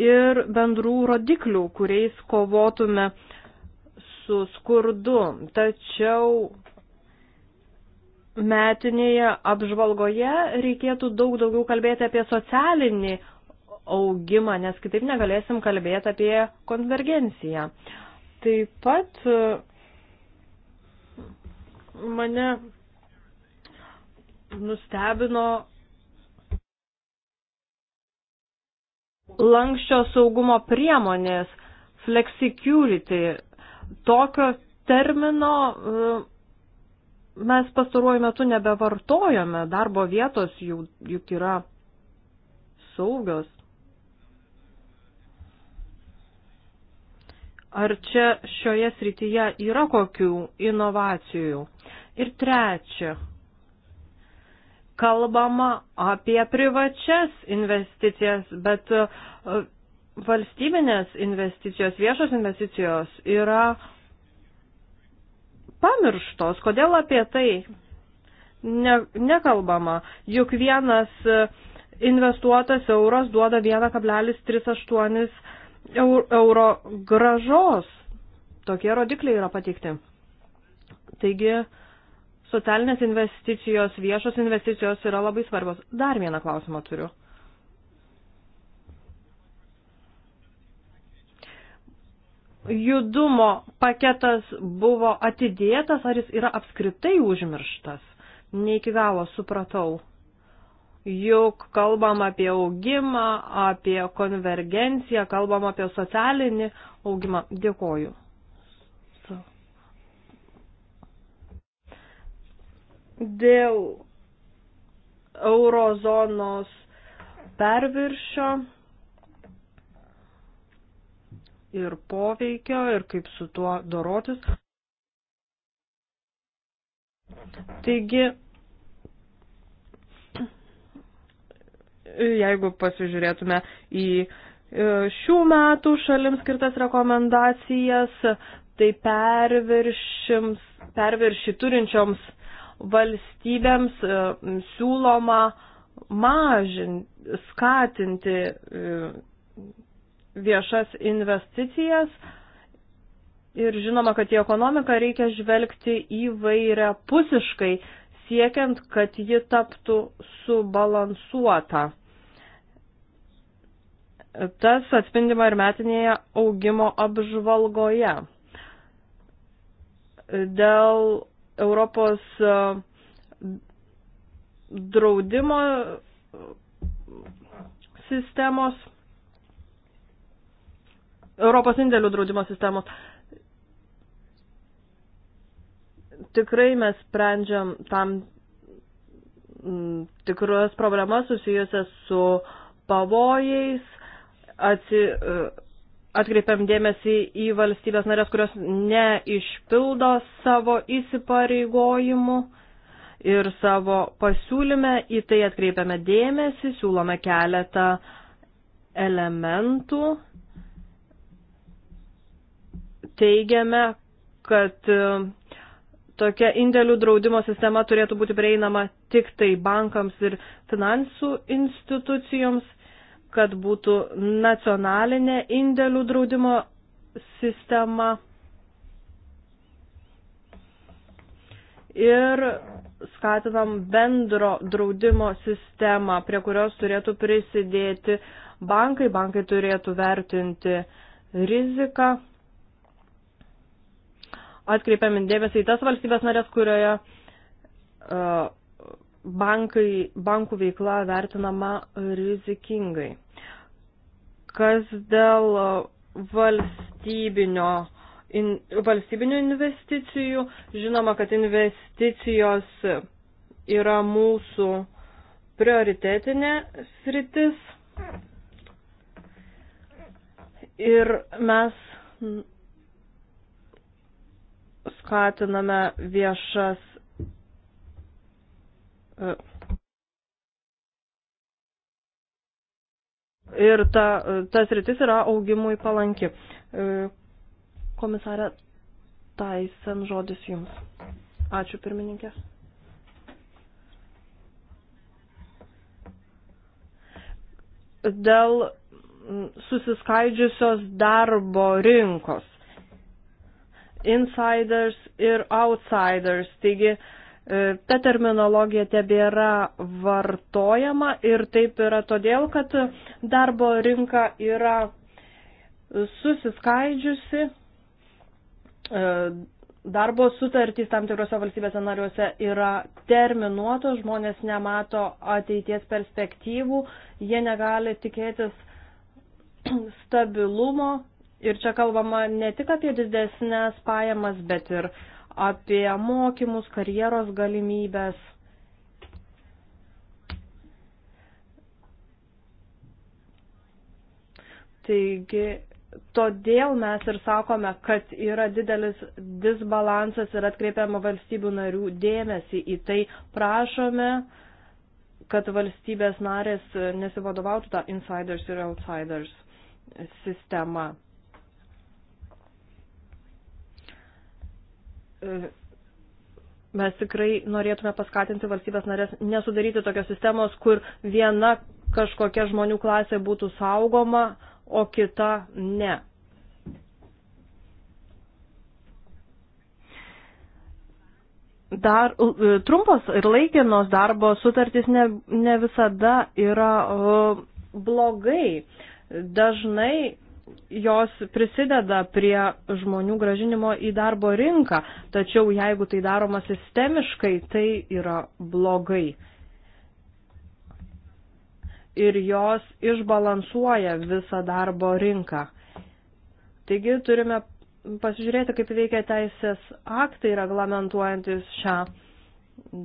ir bendrų rodiklių, kuriais kovotume su skurdu, tačiau metinėje apžvalgoje reikėtų daug daugiau kalbėti apie socialinį augimą, nes kitaip negalėsim kalbėti apie konvergenciją. Taip pat e, mane nustebino lankščio saugumo priemonės, flexicurity tokio termino e, mes pastaruoju metu nebevartojame, darbo vietos jų, juk yra saugios. Ar čia šioje srityje yra kokių inovacijų? Ir trečia, kalbama apie privačias investicijas, bet e, valstybinės investicijos, viešos investicijos yra uh, pamirštos. Kodėl apie tai ne, nekalbama? Juk vienas e, investuotas euras duoda 1,38 euro gražos. Tokie rodikliai yra patikti. Taigi, socialinės investicijos, viešos investicijos yra labai svarbios. Dar vieną klausimą turiu. judumo paketas buvo atidėtas, ar jis yra apskritai užmirštas? Ne iki galo supratau. Juk kalbam apie augimą, apie konvergenciją, kalbam apie socialinį augimą. Dėkoju. Dėl eurozonos perviršio ir poveikio ir kaip su tuo dorotis. Taigi, jeigu pasižiūrėtume į e, šių metų šalims skirtas rekomendacijas, tai perviršį turinčioms valstybėms e, siūloma mažinti, skatinti e, viešas investicijas. Ir žinoma, kad į ekonomiką reikia žvelgti įvairia pusiškai, siekiant, kad ji taptų subalansuota. Tas atspindima ir metinėje augimo apžvalgoje. Dėl Europos e, draudimo sistemos Europos indėlių draudimo sistemos. Tikrai mes sprendžiam tam mm, tikras problemas susijusias su pavojais, atsi, e, atkreipiam dėmesį į valstybės narės, kurios neišpildo savo įsipareigojimų ir savo pasiūlyme į tai atkreipiame dėmesį, siūlome keletą elementų teigiame, kad e, tokia indėlių draudimo sistema turėtų būti prieinama tik tai bankams ir finansų institucijoms, kad būtų nacionalinė indėlių draudimo sistema. Ir skatinam bendro draudimo sistemą, prie kurios turėtų prisidėti bankai. Bankai turėtų vertinti riziką atkreipiame dėmesį į tas valstybės narės, kurioje e, bankai, bankų veikla vertinama rizikingai. Kas dėl valstybinio in, valstybinių investicijų. Žinoma, kad investicijos yra mūsų prioritetinė sritis. Ir mes skatiname viešas. E, ir ta, tas rytis yra augimui palanki. E, komisarė Taisen, žodis jums. Ačiū pirmininkė. Dėl susiskaidžiusios darbo rinkos insiders ir outsiders. Taigi e, ta terminologija tebėra vartojama ir taip yra todėl, kad darbo rinka yra susiskaidžiusi, e, darbo sutartys tam tikrose valstybėse nariuose yra terminuotos, žmonės nemato ateities perspektyvų, jie negali tikėtis stabilumo Ir čia kalbama ne tik apie didesnės pajamas, bet ir apie mokymus, karjeros galimybės. Taigi, todėl mes ir sakome, kad yra didelis disbalansas ir atkreipiama valstybių narių dėmesį į tai, prašome, kad valstybės narės nesivadovautų tą insiders ir outsiders sistemą. mes tikrai norėtume paskatinti valstybės narės nesudaryti tokios sistemos, kur viena kažkokia žmonių klasė būtų saugoma, o kita ne. Dar e, trumpos ir laikinos darbo sutartys ne, ne visada yra o, blogai. Dažnai jos prisideda prie žmonių gražinimo į darbo rinką, tačiau jeigu tai daroma sistemiškai, tai yra blogai. Ir jos išbalansuoja visą darbo rinką. Taigi turime pasižiūrėti, kaip veikia teisės aktai reglamentuojantis šią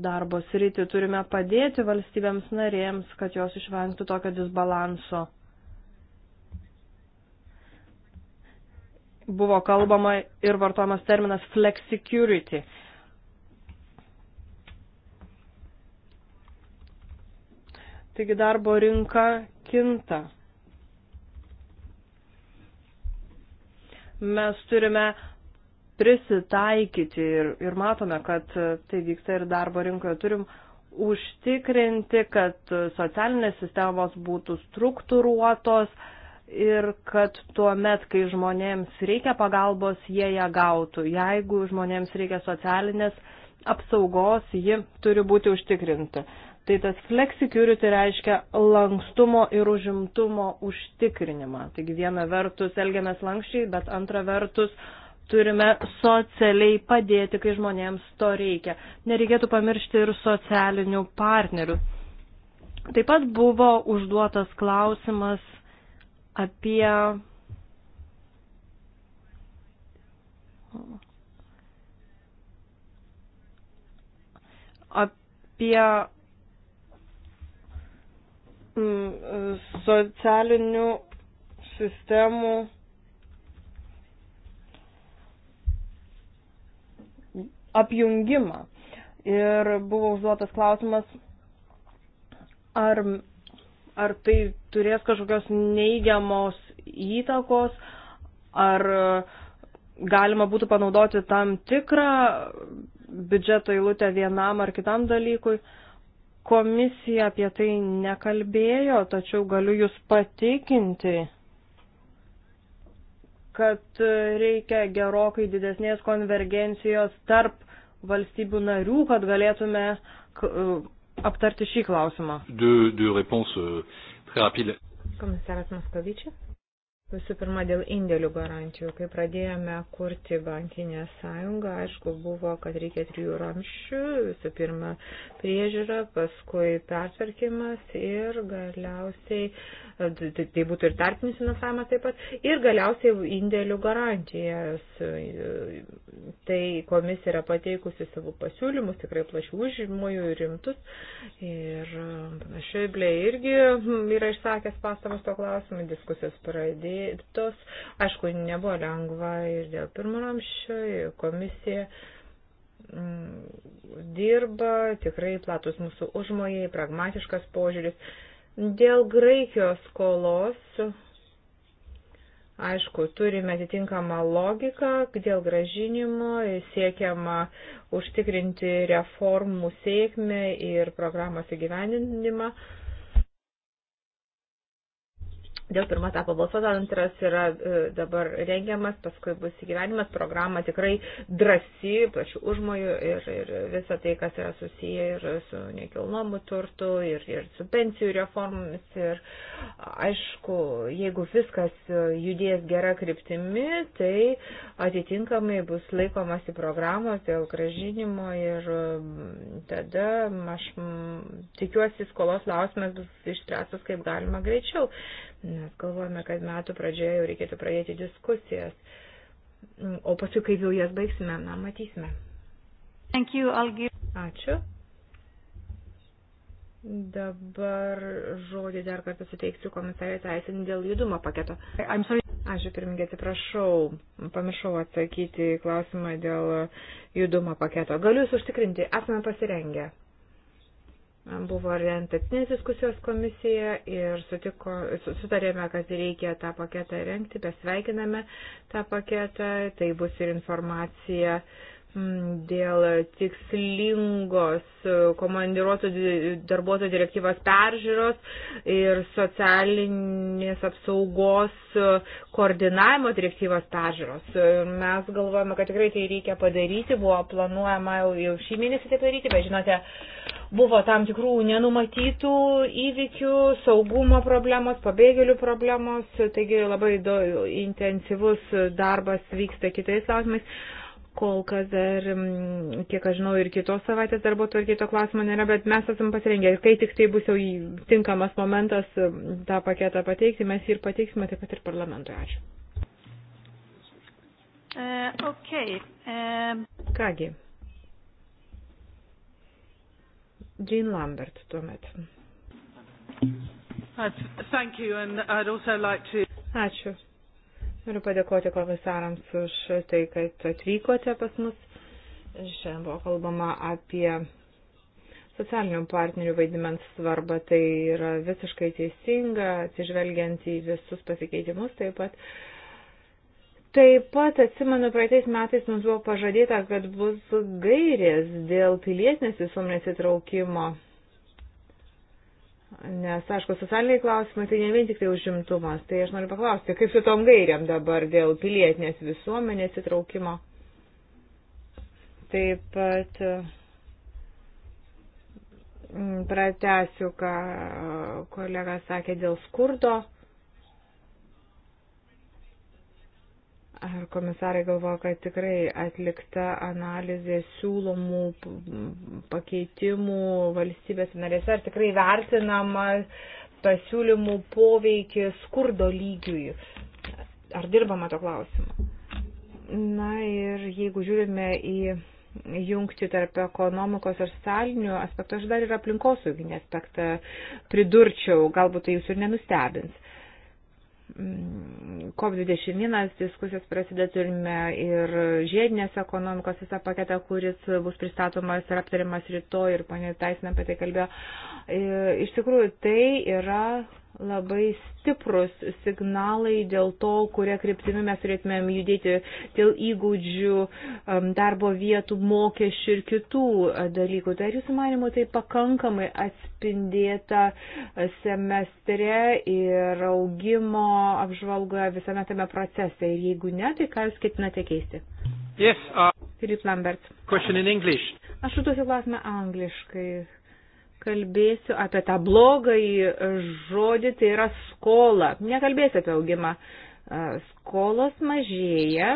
darbo sritį. Turime padėti valstybėms narėms, kad jos išvengtų tokio disbalanso. buvo kalbama ir vartojamas terminas flexicurity. Taigi darbo rinka kinta. Mes turime prisitaikyti ir, ir matome, kad tai vyksta ir darbo rinkoje. Turim užtikrinti, kad socialinės sistemos būtų struktūruotos, uh, ir kad tuo met, kai žmonėms reikia pagalbos, jie ją gautų. Jeigu žmonėms reikia socialinės apsaugos, ji turi būti užtikrinta. Tai tas flexicurity reiškia lankstumo ir užimtumo užtikrinimą. Taigi viena vertus elgiamės lankščiai, bet antra vertus turime socialiai padėti, kai žmonėms to reikia. Nereikėtų pamiršti ir socialinių partnerių. Taip pat buvo užduotas klausimas apie apie mm, socialinių sistemų apjungimą. Ir buvo užduotas klausimas, ar ar tai turės kažkokios neigiamos įtakos, ar e, galima būtų panaudoti tam tikrą biudžeto eilutę vienam ar kitam dalykui. Komisija apie tai nekalbėjo, tačiau galiu jūs patikinti, kad reikia gerokai didesnės konvergencijos tarp valstybių narių, kad galėtume aptarti šį klausimą. Du, du réponse, Komisaras euh, Moskovičius. Visų pirma, dėl indėlių garantijų. Kai pradėjome kurti bankinę sąjungą, aišku, buvo, kad reikia trijų ramščių. Visų pirma, priežiūra, paskui pertvarkymas ir galiausiai, tai būtų ir tarpinis finansavimas taip pat, ir galiausiai indėlių garantijas. Tai komisija yra pateikusi savo pasiūlymus, tikrai plačių užmojų ir rimtus. Ir panašiai, blei irgi yra išsakęs pastabas to klausimu, diskusijos pradėjo padarytos. Aišku, nebuvo lengva ir dėl pirmo ramščio, komisija mm, dirba, tikrai platus mūsų užmojai, pragmatiškas požiūris. Dėl Graikijos skolos, aišku, turime atitinkamą logiką, dėl gražinimo siekiama užtikrinti reformų sėkmę ir programos įgyvendinimą. Uh, Dėl pirmo etapo balsuota, antras yra e, dabar rengiamas, paskui bus įgyvenimas, programa tikrai drasi, plačių užmojų ir, ir visa tai, kas yra susiję ir su nekilnomu turtu, ir, ir su pensijų reformomis. Ir aišku, jeigu viskas e, judės gera kryptimi, tai atitinkamai bus laikomasi programos dėl gražinimo ir e, tada aš tikiuosi, skolos klausimas bus išspręstas kaip galima greičiau. Mes galvojame, kad metų pradžioje jau reikėtų pradėti diskusijas, o paskui, kaip jau jas baigsime, na, matysime. Thank you, give... Ačiū. Dabar žodį dar kartą suteiksiu komisarė teisinį dėl judumo paketo. Ačiū pirmininkė, atsiprašau, pamiršau atsakyti į klausimą dėl judumo paketo. Galiu jūs užtikrinti, esame pasirengę. Buvo orientacinės diskusijos komisija ir sutiko, sutarėme, kad reikia tą paketą renkti, besveikiname tą paketą, tai bus ir informacija mm, dėl tikslingos komandiruotų darbuotojų direktyvos peržiūros ir socialinės apsaugos koordinavimo direktyvos peržiūros. Mes galvojame, kad tikrai tai reikia padaryti, buvo planuojama jau šį mėnesį tai padaryti, bet žinote, Buvo tam tikrų nenumatytų įvykių, saugumo problemos, pabėgėlių problemos, taigi labai do, intensyvus darbas vyksta kitais klausimais. Kol kas dar, mm, kiek aš žinau, ir kitos savaitės darbo tvarkyto klausimo nėra, bet mes esam pasirengę. Kai tik tai bus jau tinkamas momentas mm, tą paketą pateikti, mes jį ir pateiksime taip pat ir parlamentui. Ačiū. Uh, okay. um... Kągi. Jean Lambert tuomet. Ačiū. Like to... Ačiū. Noriu padėkoti komisarams už tai, kad atvykote pas mus. Šiandien buvo kalbama apie socialinių partnerių vaidmens svarbą. Tai yra visiškai teisinga, atsižvelgiant į visus pasikeitimus taip pat. Uh, Taip pat atsimenu, praeitais metais mums buvo pažadėta, kad bus gairės dėl pilietinės visuomenės įtraukimo. Nes, aišku, socialiniai klausimai tai ne vien tik tai užimtumas. Tai aš noriu paklausti, kaip su tom gairiam dabar dėl pilietinės visuomenės įtraukimo. Taip pat mm, pratesiu, ką kolega sakė dėl skurdo Ar komisarai galvoja, kad tikrai atlikta analizė siūlomų pakeitimų valstybės narėse, ar tikrai vertinama pasiūlymų poveikį skurdo lygiui? Ar dirbama to klausimu? Na ir jeigu žiūrime į jungti tarp ekonomikos ir salinių aspektų, aš dar ir aplinkosauginį aspektą pridurčiau, galbūt tai jūs ir nenustebins. COP21 diskusijos prasideda turime ir žiedinės ekonomikos visą paketą, kuris bus pristatomas ir aptariamas rytoj ir ponė Taisina apie tai kalbėjo. E, iš tikrųjų, tai yra labai stiprus signalai dėl to, kuria kryptimi mes turėtumėm judėti dėl įgūdžių, darbo vietų, mokesčių ir kitų dalykų. Tai ar jūsų manimo tai pakankamai atspindėta semestre ir augimo apžvalgoje visame tame procese? Ir jeigu ne, tai ką jūs ketinate keisti? Yes, uh, Philip Lambert. Question in English. Aš užduosiu klausimą angliškai kalbėsiu apie tą blogąjį žodį, tai yra skola. Nekalbėsiu apie augimą. Skolos mažėja,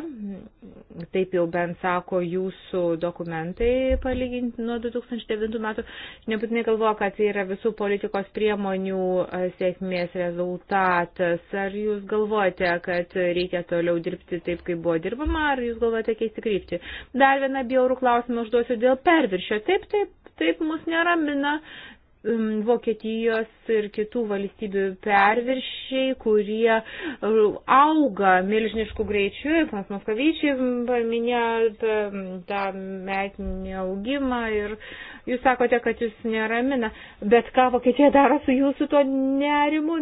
taip jau bent sako jūsų dokumentai palyginti nuo 2009 metų. Nebūtinai galvoju, kad tai yra visų politikos priemonių sėkmės rezultatas. Ar jūs galvojate, kad reikia toliau dirbti taip, kaip buvo dirbama, ar jūs galvojate keisti kryptį? Dar vieną bjaurų klausimą užduosiu dėl perviršio. Taip, taip, taip mus neramina um, Vokietijos ir kitų valstybių perviršiai, kurie uh, auga milžiniškų greičių. Pas Moskavyčiai um, paminėjo tą, um, tą metinį augimą ir jūs sakote, kad jūs neramina. Bet ką Vokietija daro su jūsų tuo nerimu,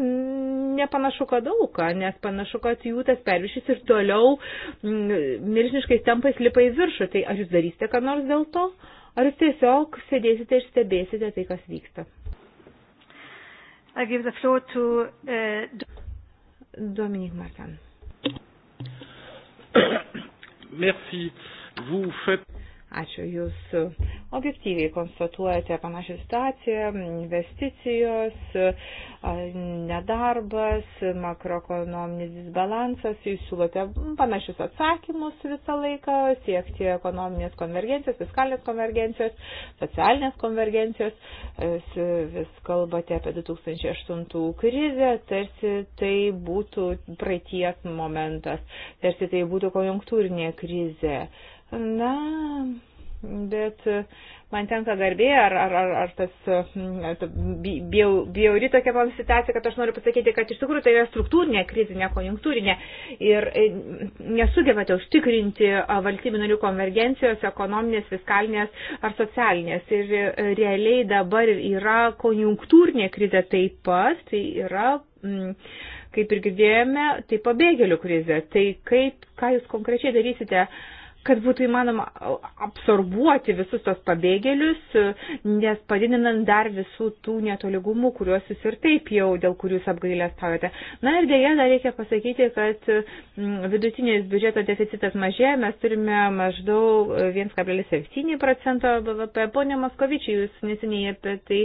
nepanašu, kad daug ką, nes panašu, kad jų tas perviršys ir toliau mm, milžiniškais tempais lipa į viršų. Tai ar jūs darysite ką nors dėl to? ar jūs tiesiog sėdėsite ir stebėsite tai, kas vyksta? To, uh, Dominik Martin. Merci. Vous faites Ačiū, jūs objektyviai konstatuojate panašią situaciją, investicijos, nedarbas, makroekonominis disbalansas, jūs siūlote panašius atsakymus visą laiką, siekti ekonominės konvergencijos, fiskalinės konvergencijos, socialinės konvergencijos, jūs vis kalbate apie 2008 krizę, tarsi tai būtų praeities momentas, tarsi tai būtų konjunktūrinė krizė Na, bet man tenka garbė, ar, ar, ar, ar tas mm, bjauri tokia man situacija, kad aš noriu pasakyti, kad iš tikrųjų tai yra struktūrinė krizė, ne konjunktūrinė. Ir e, nesugebate užtikrinti valstybių narių konvergencijos, ekonominės, fiskalinės ar socialinės. Ir e, realiai dabar yra konjunktūrinė krizė taip pat, tai yra. Mm, Kaip ir girdėjome, tai pabėgėlių krizė. Tai kaip, ką jūs konkrečiai darysite uh, kad būtų įmanoma absorbuoti visus tos pabėgėlius, nes padidinant dar visų tų netoligumų, kuriuos jūs ir taip jau, dėl kurių jūs apgailę stovite. Na ir dėja, dar reikia pasakyti, kad mm, vidutinis biudžeto deficitas mažėja, mes turime maždaug 1,7 procento BVP. Pone Moskovičiai, jūs neseniai apie tai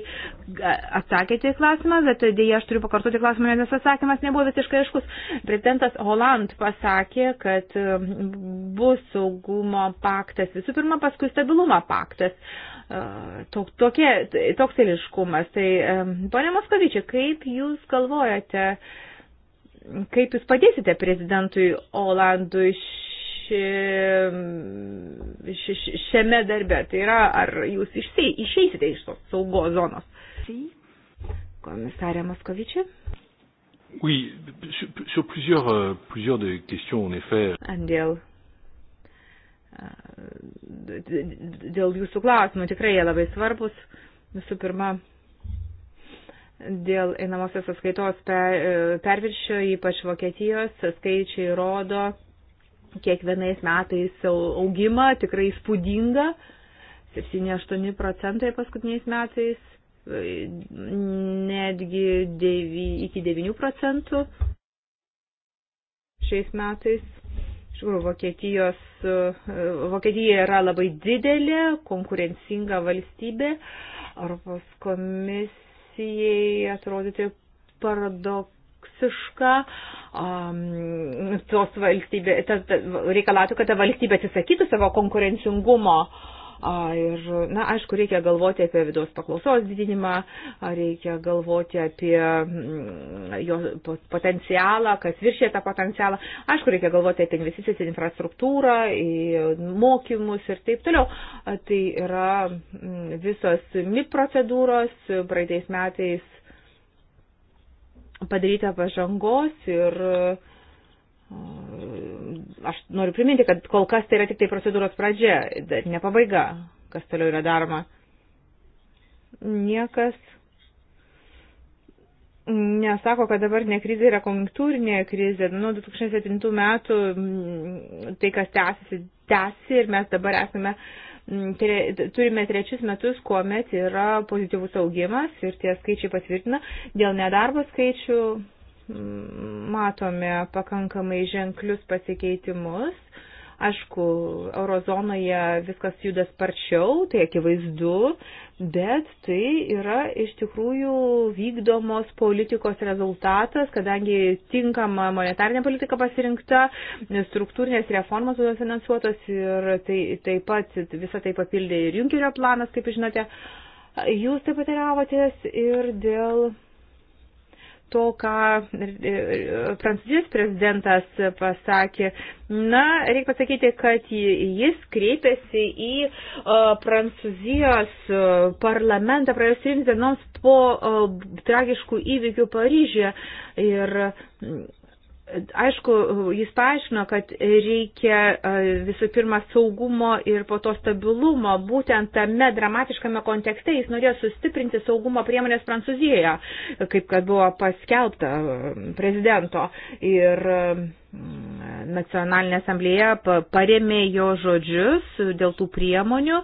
atsakėte į klausimą, bet dėja, aš turiu pakartoti klausimą, nes atsakymas nebuvo visiškai aiškus. Prezidentas Holand pasakė, kad mm, bus saug saugumo paktas, visų pirma, paskui stabilumo paktas. E, tok, tokie, toks eiliškumas. Tai, e, ponė Moskovičia, kaip jūs galvojate, kaip jūs padėsite prezidentui Olandui ši, ši, šiame darbe? Tai yra, ar jūs išsei, išeisite iš tos saugos zonos? Komisarė Moskovičia. Oui, sur, sur plusieurs, euh, plusieurs des questions, en effet. Andėl dėl jūsų klausimų. Tikrai jie labai svarbus. Visų pirma, dėl einamosios sąskaitos e, perviršio, ypač Vokietijos, skaičiai rodo kiekvienais metais augimą, tikrai spūdinga. 7-8 procentai paskutiniais metais, e, netgi 9, iki 9 procentų šiais metais. Iš tikrųjų, Vokietijos, e, Vokietija yra labai didelė, konkurencinga valstybė. Europos komisijai atrodyti paradoksiška um, tos valstybė, tas, reikalauti, kad ta valstybė atsisakytų savo konkurencingumo. Uh, Ir, na, aišku, reikia galvoti apie vidaus paklausos didinimą, reikia galvoti apie mm, jo potencialą, kas viršė tą potencialą. Aišku, reikia galvoti apie investicijas į infrastruktūrą, į mokymus ir taip toliau. Tai yra mm, visos MIP procedūros, praeitais metais padaryta pažangos ir uh, Ehm, aš noriu priminti, kad kol kas tai yra tik tai procedūros pradžia, ne pabaiga, kas toliau yra daroma. Niekas nesako, kad dabartinė krizė yra konjunktūrinė krizė. Nuo 2007 metų mm, tai, kas tęsiasi, tęsiasi ir mes dabar esame, mm, tre, turime trečius metus, kuomet yra pozityvus augimas ir tie skaičiai patvirtina dėl nedarbo skaičių matome pakankamai ženklius pasikeitimus. Aišku, eurozonoje viskas juda sparčiau, tai akivaizdu, bet tai yra iš tikrųjų vykdomos politikos rezultatas, kadangi tinkama monetarinė politika pasirinkta, struktūrinės reformos buvo finansuotos ir tai, taip pat visą tai papildė ir Junkerio planas, kaip žinote. Jūs taip pat teravotės ir dėl to, ką e, e, prancūzijos prezidentas pasakė. Na, reikia pasakyti, kad jis kreipėsi į e, prancūzijos parlamentą praėjus trims dienoms po tragiškų įvykių Paryžėje. Ir Aišku, jis paaiškino, kad reikia e, visų pirma saugumo ir po to stabilumo. Būtent tame dramatiškame kontekste jis norėjo sustiprinti saugumo priemonės Prancūzijoje, kaip kad buvo paskelbta e, prezidento. Ir e, nacionalinė asamblėje paremė jo žodžius dėl tų priemonių.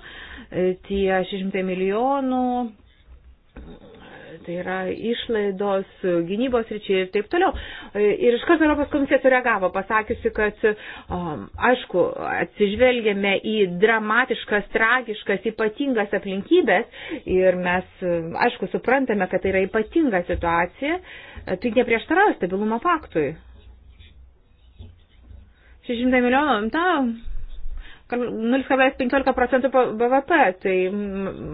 Tie 600 milijonų tai yra išlaidos, gynybos ryčiai ir taip toliau. Ir iš karto Europos komisija sureagavo, pasakiusi, kad um, aišku, atsižvelgėme į dramatiškas, tragiškas, ypatingas aplinkybės ir mes, aišku, suprantame, kad tai yra ypatinga situacija, tai neprieštarauja stabilumo faktui. 600 milijonų, na, nu, 0,15 procentų BVP, tai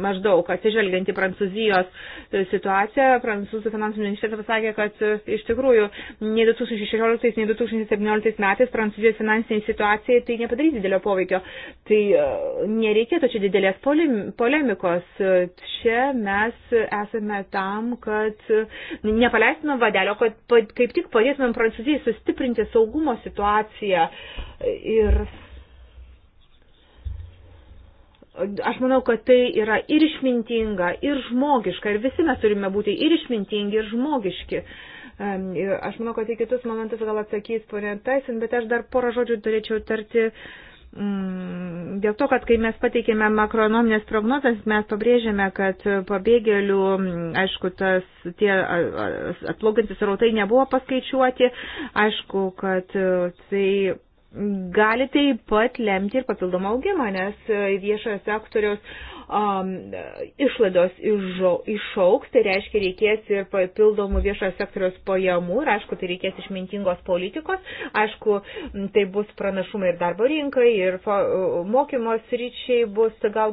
maždaug atsižvelgiant į Prancūzijos situaciją, prancūzų finansų ministras pasakė, kad e, iš tikrųjų nei 2016, nei 2017 metais Prancūzijos finansiniai situacijai tai nepadarys didelio poveikio. Tai e, nereikėtų čia didelės polemikos. Čia mes esame tam, kad nepaleistume vadelio, kad kaip tik padėtumėm Prancūzijai sustiprinti saugumo situaciją. Ir Aš manau, kad tai yra ir išmintinga, ir žmogiška, ir visi mes turime būti ir išmintingi, ir žmogiški. Aš manau, kad į kitus momentus gal atsakys ponė Taisin, bet aš dar porą žodžių turėčiau tarti. Mm, dėl to, kad kai mes pateikėme makronominės prognozes, mes pabrėžėme, kad pabėgėlių, mm, aišku, tas, tie atplaukantis rautai nebuvo paskaičiuoti, aišku, kad e, tai gali taip pat lemti ir papildomą augimą, nes e, viešojo sektoriaus um, išlaidos išauks, tai reiškia reikės ir papildomų viešojo sektoriaus pajamų ir aišku, tai reikės išmintingos politikos, aišku, tai bus pranašumai ir darbo rinkai, ir mokymos ryčiai bus gal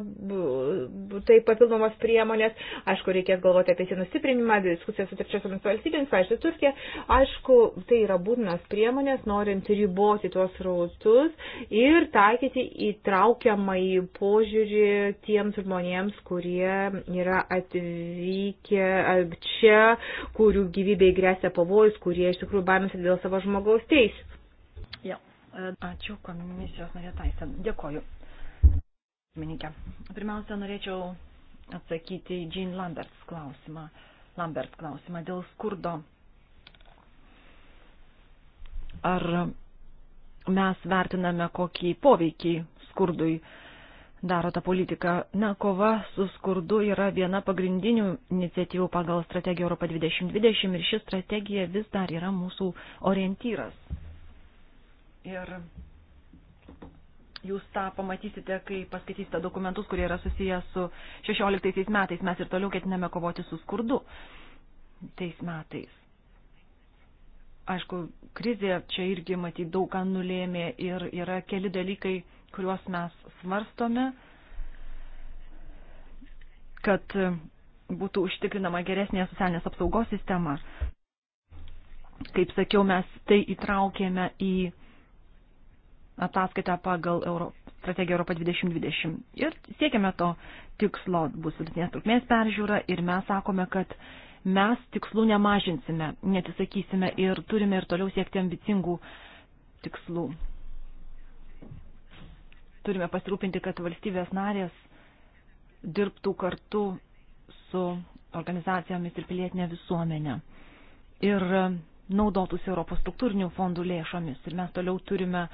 tai papildomos priemonės, aišku, reikės galvoti apie sienų stiprinimą, diskusiją su trečiosiamis valstybėmis, pavyzdžiui, Turkija, aišku, tai yra būtinas priemonės, norint riboti tuos rautus ir taikyti įtraukiamą į požiūrį tiems žmonėms, kurie yra atvykę čia, kurių gyvybei grėsia pavojus, kurie iš tikrųjų baiminasi dėl savo žmogaus teisų. Ja. Ačiū komisijos narė Taisen. Dėkoju. Minikė. Pirmiausia, norėčiau atsakyti į Jean Lamberts klausimą. Lambert klausimą dėl skurdo. Ar mes vertiname kokį poveikį skurdui daro tą politiką. Na, kova su skurdu yra viena pagrindinių iniciatyvų pagal strategiją Europą 2020 ir ši strategija vis dar yra mūsų orientyras. Ir jūs tą pamatysite, kai paskaitysite dokumentus, kurie yra susiję su 16 metais. Mes ir toliau ketiname kovoti su skurdu tais metais. Aišku, krizė čia irgi matyt daug ką nulėmė ir yra keli dalykai, kuriuos mes svarstome, kad būtų užtikrinama geresnė socialinės apsaugos sistema. Kaip sakiau, mes tai įtraukėme į ataskaitą pagal Euro, strategiją Europą 2020 ir siekiame to tikslo, bus vidutinės trukmės peržiūra ir mes sakome, kad mes tikslų nemažinsime, netisakysime ir turime ir toliau siekti ambicingų tikslų turime pasirūpinti, kad valstybės narės dirbtų kartu su organizacijomis ir pilietinė visuomenė ir naudotųsi Europos struktūrinių fondų lėšomis. Ir mes toliau turime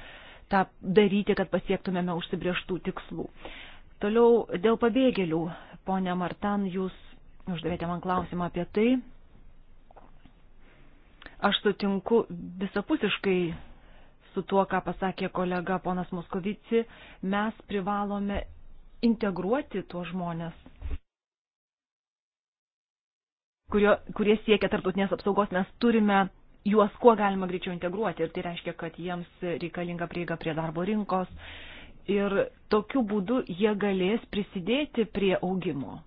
tą daryti, kad pasiektumėme užsibrieštų tikslų. Toliau dėl pabėgėlių. Pone Martan, jūs uždavėte man klausimą apie tai. Aš sutinku visapusiškai su tuo, ką pasakė kolega ponas Moskovici, mes privalome integruoti tuos žmonės, kurio, kurie siekia tarptautinės apsaugos, mes turime juos kuo galima greičiau integruoti ir tai reiškia, kad jiems reikalinga prieiga prie darbo rinkos ir tokiu būdu jie galės prisidėti prie augimo.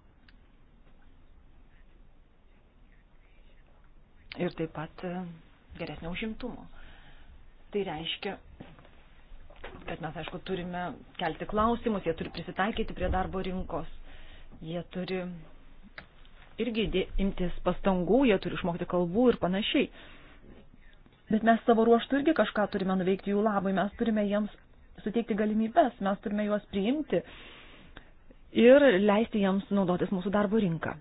Ir taip pat e, geresnio užimtumo. Tai reiškia, kad mes, aišku, turime kelti klausimus, jie turi prisitaikyti prie darbo rinkos, jie turi irgi imtis pastangų, jie turi išmokti kalbų ir panašiai. Bet mes savo ruoštų irgi kažką turime nuveikti jų labai, mes turime jiems suteikti galimybės, mes turime juos priimti ir leisti jiems naudotis mūsų darbo rinką.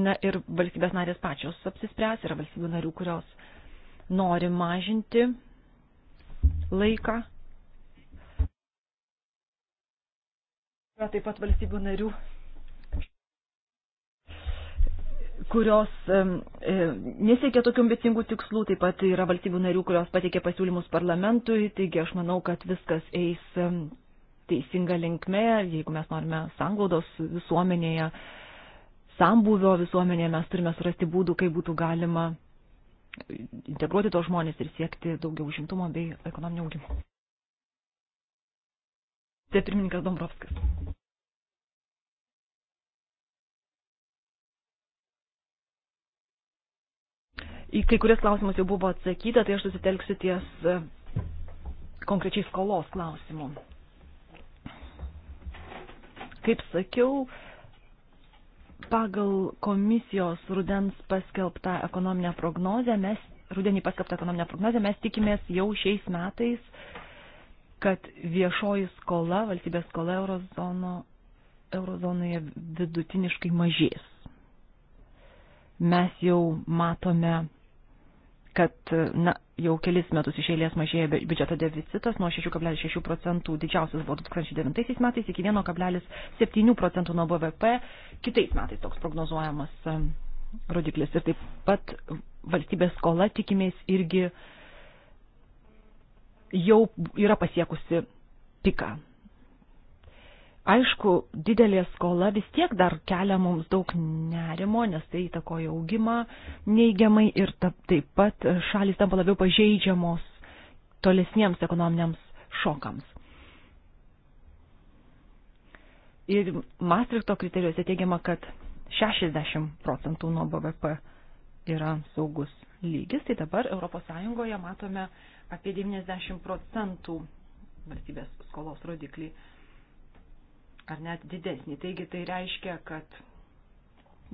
Na ir valstybės narės pačios apsispręs, yra valstybių narių, kurios uh, nori mažinti laiką. Yra taip pat valstybių narių, kurios e, nesiekia tokių ambicingų tikslų, taip pat yra valstybių narių, kurios pateikė pasiūlymus parlamentui, taigi aš manau, kad viskas eis teisinga linkme, jeigu mes norime sanglaudos visuomenėje, sambuvio visuomenėje, mes turime surasti būdų, kaip būtų galima integruoti tos žmonės ir siekti daugiau užimtumo bei ekonominio augimo. Tai pirmininkas Dombrovskis. Į kai kurias klausimus jau buvo atsakyta, tai aš susitelksiu ties e, konkrečiai skolos klausimu. Kaip sakiau, pagal komisijos rudens paskelbtą ekonominę prognozę, mes, rudenį paskelbtą ekonominę prognozę, mes tikimės jau šiais metais, kad viešoji skola, valstybės skola eurozono, eurozonoje vidutiniškai mažės. Mes jau matome kad na, jau kelis metus iš eilės mažėja biudžeto deficitas nuo 6,6 procentų, didžiausias buvo 2009 metais, iki 1,7 procentų nuo BVP, kitais metais toks prognozuojamas rodiklis. Ir taip pat valstybės skola tikimės irgi jau yra pasiekusi piką. Aišku, didelė skola vis tiek dar kelia mums daug nerimo, nes tai įtakoja augimą neigiamai ir taip pat šalis tampa labiau pažeidžiamos tolesniems ekonominiams šokams. Ir Maastrichto kriterijuose teigiama, kad 60 procentų nuo BVP yra saugus lygis, tai dabar ES matome apie 90 procentų valstybės skolos rodiklį ar net didesnį. Taigi tai reiškia, kad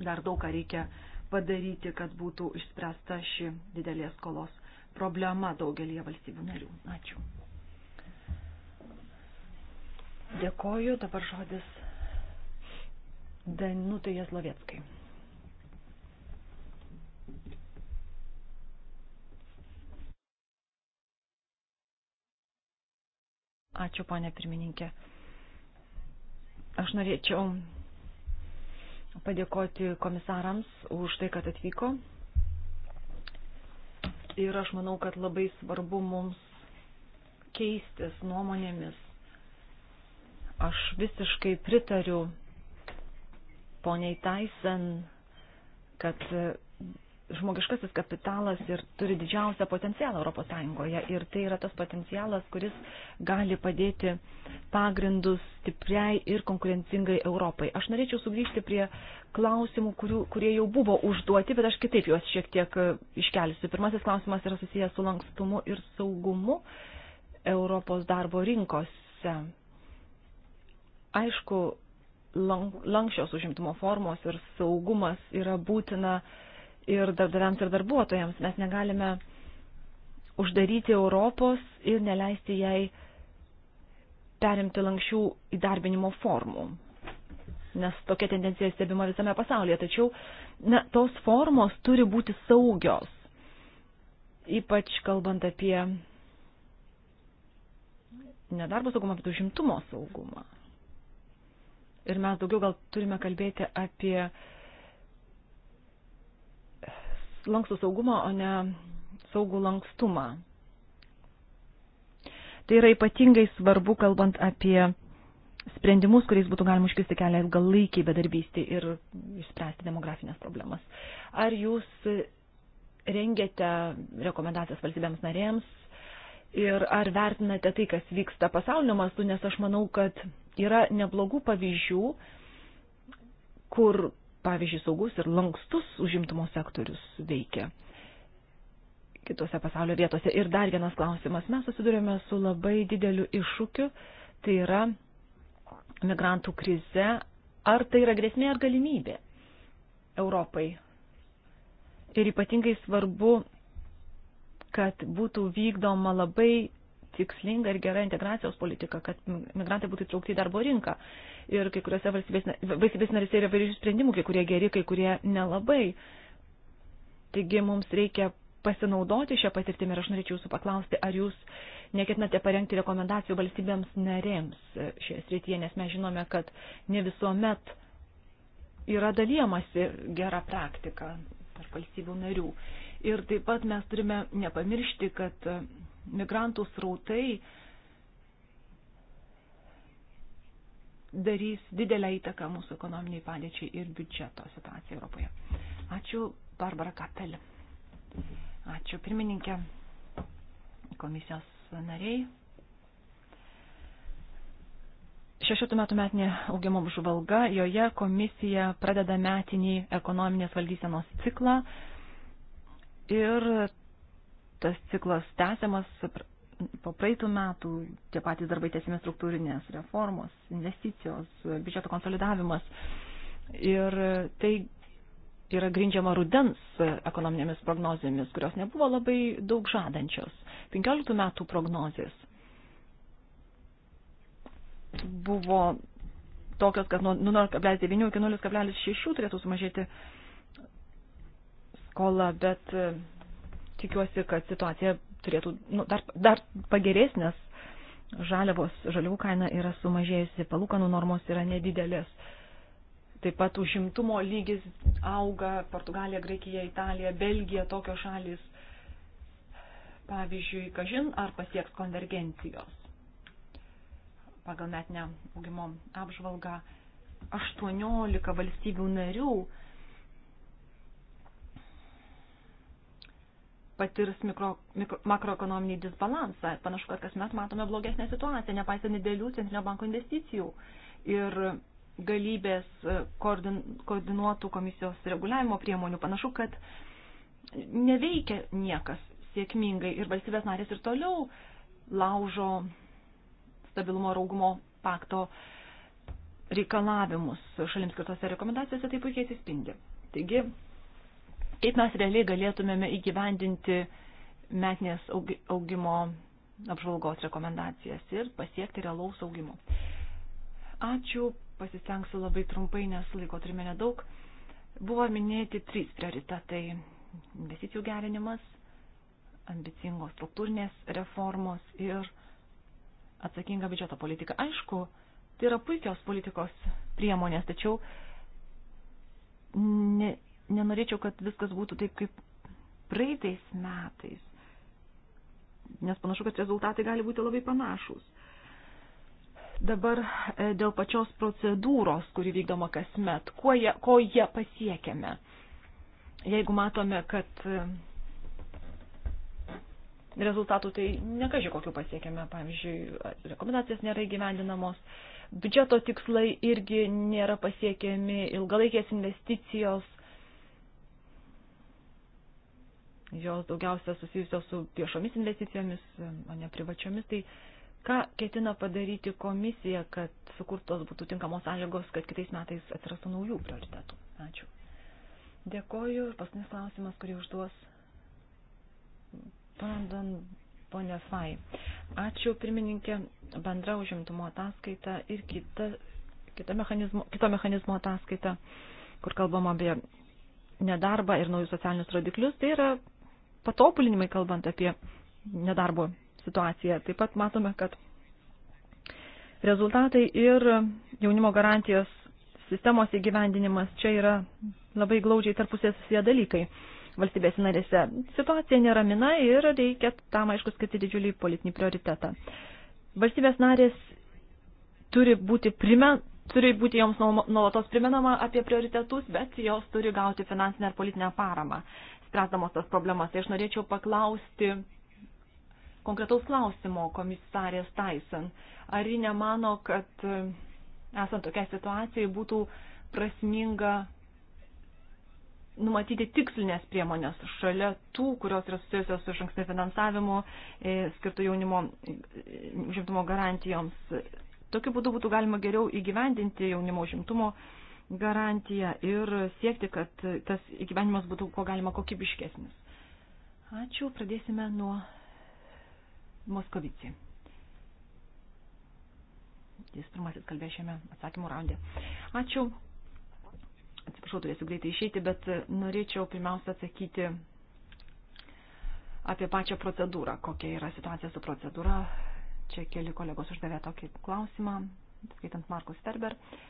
dar daug ką reikia padaryti, kad būtų išspręsta ši didelės skolos problema daugelie valstybių narių. Ačiū. Dėkoju, dabar žodis Danutai Jazlovieckai. Ačiū, ponė pirmininkė. Aš norėčiau padėkoti komisarams už tai, kad atvyko. Ir aš manau, kad labai svarbu mums keistis nuomonėmis. Aš visiškai pritariu poniai Taisen, kad žmogiškasis kapitalas ir turi didžiausią potencialą ES ir tai yra tas potencialas, kuris gali padėti pagrindus stipriai ir konkurencingai Europai. Aš norėčiau sugrįžti prie klausimų, kurių, kurie jau buvo užduoti, bet aš kitaip juos šiek tiek e, iškelsiu. Pirmasis klausimas yra susijęs su lankstumu ir saugumu Europos darbo rinkose. Aišku, lankščios užimtumo formos ir saugumas yra būtina uh, ir darbdaviams ir darbuotojams. Mes negalime uždaryti Europos ir neleisti jai perimti lankščių įdarbinimo formų. Nes tokia tendencija stebima visame pasaulyje. Tačiau na, tos formos turi būti saugios. Ypač kalbant apie nedarbo saugumą, bet užimtumo saugumą. Ir mes daugiau gal turime kalbėti apie uh, lankstų saugumą, o ne saugų lankstumą. Tai yra ypatingai svarbu, kalbant apie sprendimus, kuriais būtų galima užkirsti kelią ilgalaikiai bedarbystį ir išspręsti demografinės problemas. Ar jūs rengiate rekomendacijas valstybėms narėms ir ar vertinate tai, kas vyksta pasaulio mastu, nes aš manau, kad yra neblogų pavyzdžių, kur pavyzdžiui, saugus ir lankstus užimtumo sektorius veikia kitose pasaulio vietose. Ir dar vienas klausimas. Mes susidurėme su labai dideliu iššūkiu, tai yra migrantų krize. Ar tai yra grėsmė ar galimybė Europai? Ir ypatingai svarbu, kad būtų vykdoma labai tikslinga ir gera integracijos politika, kad migrantai būtų įtraukti į darbo rinką. Ir kai kuriuose valstybės narėse yra įvairių sprendimų, kai kurie geri, kai kurie nelabai. Taigi mums reikia pasinaudoti šią patirtimį ir aš norėčiau jūsų paklausti, ar jūs neketinate parengti rekomendacijų valstybėms narėms šioje srityje, nes mes žinome, kad ne visuomet yra dalyjamasi gera praktika tarp valstybių narių. Ir taip pat mes turime nepamiršti, kad migrantų srautai darys didelę įtaką mūsų ekonominiai padėčiai ir biudžeto situacijai Europoje. Ačiū, Barbara Kapel. Ačiū, pirmininkė, komisijos nariai. Šešiotų metų metinė augimo apžvalga, joje komisija pradeda metinį ekonominės valdysenos ciklą ir tas ciklas tęsiamas po praeitų metų, tie patys darbai tęsime struktūrinės reformos, investicijos, biudžeto konsolidavimas. Ir tai yra grindžiama rudens ekonominėmis prognozėmis, kurios nebuvo labai daug žadančios. 15 metų prognozės buvo tokios, kad nuo 0,9 iki 0,6 turėtų sumažėti skola, bet tikiuosi, kad situacija turėtų nu, dar, dar pagerės, nes žaliavos, žaliavų kaina yra sumažėjusi, palūkanų normos yra nedidelės. Taip pat užimtumo lygis auga Portugalija, Graikija, Italija, Belgija, tokios šalis. Pavyzdžiui, kažin ar pasieks konvergencijos. Pagal metinę augimo apžvalgą 18 valstybių narių patirs mikro, mikro, makroekonominį disbalansą. Panašu, kad kas mes matome blogesnę situaciją, nepaisant didelių centrinio banko investicijų ir galybės e, koordin, koordinuotų komisijos reguliavimo priemonių. Panašu, kad neveikia niekas sėkmingai ir valstybės narės ir toliau laužo stabilumo ir augumo pakto reikalavimus šalims skirtose rekomendacijose tai puikiai atsispindi. Taigi, Kaip mes realiai galėtumėme įgyvendinti metinės augimo apžvalgos rekomendacijas ir pasiekti realaus augimo. Ačiū, pasistengsiu labai trumpai, nes laiko turime nedaug. Buvo minėti trys prioritetai - investicijų gerinimas, ambicingos struktūrinės reformos ir atsakinga biudžeto politika. Aišku, tai yra puikios politikos priemonės, tačiau ne, nenorėčiau, kad viskas būtų taip kaip praeitais metais, nes panašu, kad rezultatai gali būti labai panašus. Dabar e, dėl pačios procedūros, kuri vykdoma kasmet, ko jie, ko jie pasiekėme. Jeigu matome, kad e, rezultatų tai nekažiu kokiu pasiekėme, pavyzdžiui, rekomendacijas nėra įgyvendinamos, biudžeto tikslai irgi nėra pasiekiami, ilgalaikės investicijos jos daugiausia susijusios su viešomis investicijomis, o ne privačiomis. Tai ką ketina padaryti komisija, kad sukurtos būtų tinkamos sąlygos, kad kitais metais atsirastų naujų prioritetų? Ačiū. Dėkoju. Ir paskutinis klausimas, kurį užduos Pandan ponė Fai. Ačiū pirmininkė, bendra užimtumo ataskaita ir kita, kita mechanizmo, kito mechanizmo ataskaita, kur kalbama apie nedarbą ir naujus socialinius rodiklius, tai yra patobulinimai, kalbant apie nedarbo situaciją. Taip pat matome, kad rezultatai ir jaunimo garantijos sistemos įgyvendinimas čia yra labai glaudžiai tarpusės susiję dalykai valstybės narėse. Situacija neramina ir reikia tam, aišku, skirti didžiulį politinį prioritetą. Valstybės narės turi būti, prime, turi būti joms nuolatos primenama apie prioritetus, bet jos turi gauti finansinę ar politinę paramą spręsdamos tas problemas. Tai aš norėčiau paklausti konkretaus klausimo komisarės Tyson. Ar ji nemano, kad e, esant tokia situacijai būtų prasminga numatyti tikslinės priemonės šalia tų, kurios yra susijusios su šankstinio finansavimu, e, skirtų jaunimo e, žimtumo garantijoms. Tokiu būdu būtų galima geriau įgyvendinti jaunimo žimtumo garantijoms garantiją ir siekti, kad tas įgyvenimas būtų ko galima kokybiškesnis. Ačiū, pradėsime nuo Moskovici. Jis pirmasis kalbė šiame atsakymų raundė. Ačiū. Atsiprašau, turėsiu greitai išeiti, bet norėčiau pirmiausia atsakyti apie pačią procedūrą, kokia yra situacija su procedūra. Čia keli kolegos uždavė tokį klausimą, skaitant Markus Ferber. Uh,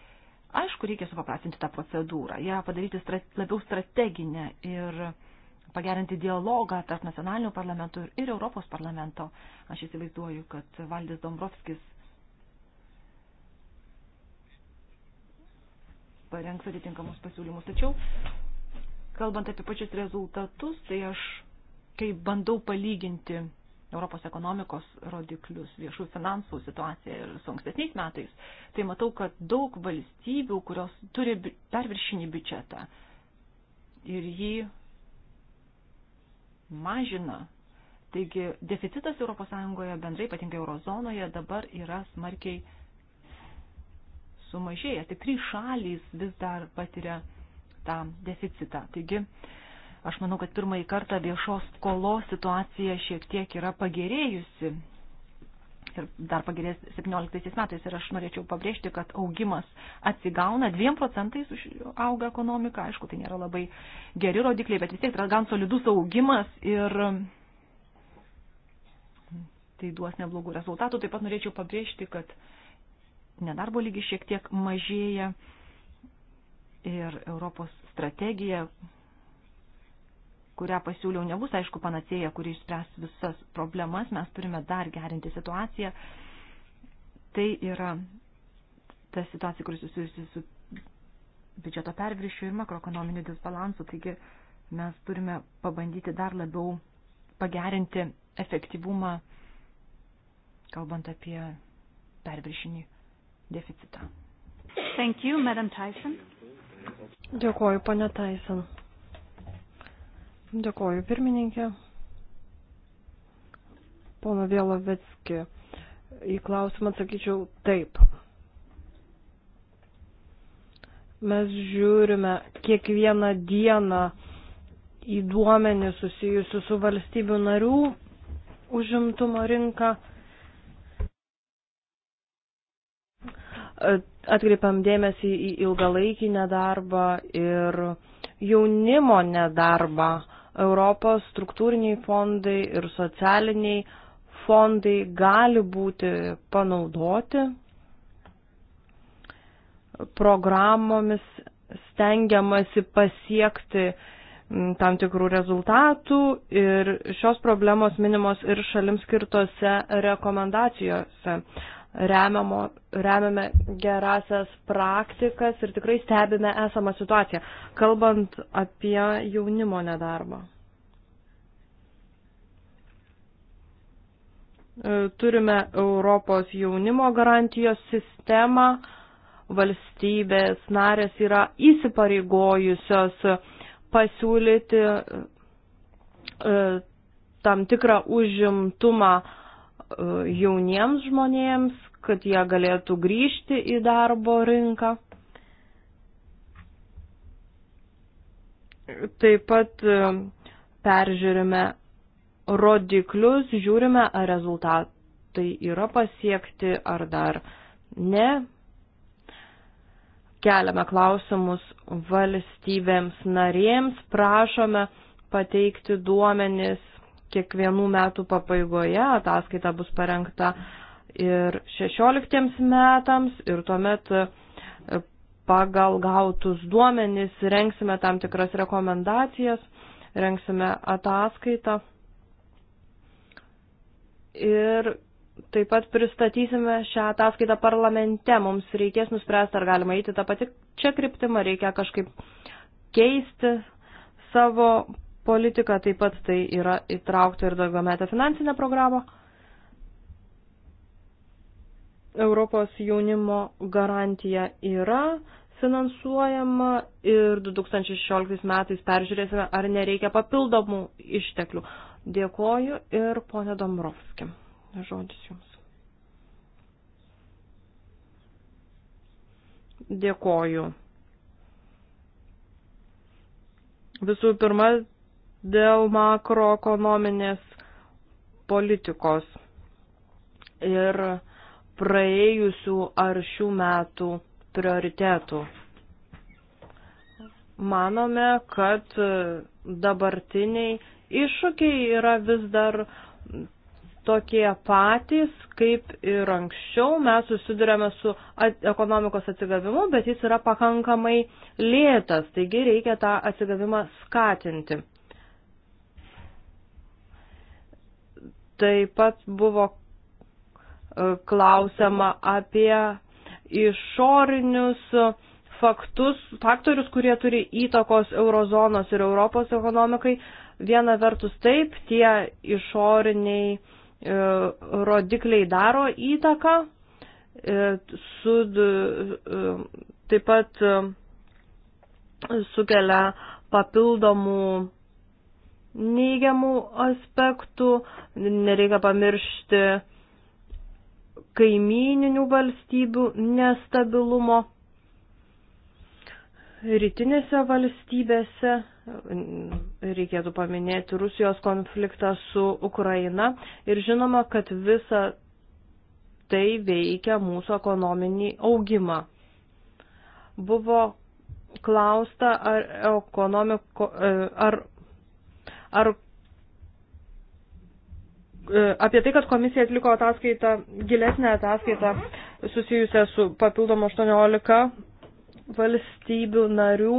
Aišku, reikia supaprastinti tą procedūrą, ją padaryti strate, labiau strateginę ir pagerinti dialogą tarp nacionalinių parlamentų ir Europos parlamento. Aš įsivaizduoju, kad Valdis Dombrovskis parengs atitinkamus pasiūlymus. Tačiau, kalbant apie pačius rezultatus, tai aš, kai bandau palyginti Europos ekonomikos rodiklius, viešų finansų situaciją ir su ankstesniais metais, tai matau, kad daug valstybių, kurios turi perviršinį biudžetą ir jį mažina. Taigi deficitas ES bendrai, ypatingai eurozonoje, dabar yra smarkiai sumažėjęs. Tik trys šalys vis dar patiria tą deficitą. Taigi, uh, Aš manau, kad pirmąjį kartą viešos skolos situacija šiek tiek yra pagerėjusi ir dar pagerės 17 metais. Ir aš norėčiau pabrėžti, kad augimas atsigauna, 2 procentais auga ekonomika, aišku, tai nėra labai geri rodikliai, bet vis tiek tai yra gan solidus augimas ir tai duos neblogų rezultatų. Taip pat norėčiau pabrėžti, kad nedarbo lygis šiek tiek mažėja ir Europos strategija, kurią pasiūliau, nebus, aišku, panacėja, kuri išspręs visas problemas, mes turime dar gerinti situaciją. Tai yra ta situacija, kuris susijusi su biudžeto perviršiu ir makroekonominiu disbalansu, taigi mes turime pabandyti dar labiau pagerinti efektyvumą, kalbant apie perviršinį deficitą. Thank you, Madam Tyson. Dėkuoju, pane Tyson. Dėkoju pirmininkė. Pono Vėlovetski, į klausimą atsakyčiau taip. Mes žiūrime kiekvieną dieną į duomenį susijusių su valstybių narių užimtumo rinka. Atkreipiam dėmesį į ilgalaikį nedarbą ir jaunimo nedarbą Europos struktūriniai fondai ir socialiniai fondai gali būti panaudoti programomis stengiamasi pasiekti mm, tam tikrų rezultatų ir šios problemos minimos ir šalims skirtose rekomendacijose remiamo, remiame gerasias praktikas ir tikrai stebime esamą situaciją, kalbant apie jaunimo nedarbą. E, turime Europos jaunimo garantijos sistemą, valstybės narės yra įsipareigojusios pasiūlyti e, tam tikrą užimtumą uh, E, jauniems žmonėms, kad jie galėtų grįžti į darbo rinką. Taip pat e, peržiūrime rodiklius, žiūrime, ar rezultatai yra pasiekti, ar dar ne. Keliame klausimus valstybėms narėms, prašome pateikti duomenis kiekvienų metų pabaigoje ataskaita bus parengta ir 16 metams ir tuomet e, pagal gautus duomenys rengsime tam tikras rekomendacijas, rengsime ataskaitą ir taip pat pristatysime šią ataskaitą parlamente. Mums reikės nuspręsti, ar galima eiti tą patį čia kryptimą, reikia kažkaip keisti savo politiką, taip pat tai yra įtraukta ir daugiametę finansinę programą. Europos jaunimo garantija yra finansuojama ir 2016 metais peržiūrėsime, ar nereikia papildomų išteklių. Dėkoju ir ponė Domrovski. Žodis jums. Dėkoju. Visų pirma, dėl makroekonominės politikos ir praėjusių ar šių metų prioritetų. Manome, kad dabartiniai iššūkiai yra vis dar tokie patys, kaip ir anksčiau. Mes susidurėme su ekonomikos atsigavimu, bet jis yra pakankamai lėtas, taigi reikia tą atsigavimą skatinti. Taip pat buvo e, klausama apie išorinius faktus, faktorius, kurie turi įtakos eurozonos ir Europos ekonomikai. Viena vertus taip, tie išoriniai e, rodikliai daro įtaką, e, su, taip pat sukelia papildomų neigiamų aspektų, nereikia pamiršti kaimininių valstybių nestabilumo. Rytinėse valstybėse reikėtų paminėti Rusijos konfliktą su Ukraina ir žinoma, kad visa tai veikia mūsų ekonominį augimą. Buvo klausta, ar, ekonomiko, ar Ar e, apie tai, kad komisija atliko ataskaitą, gilesnę ataskaitą susijusią su papildomu 18 valstybių narių.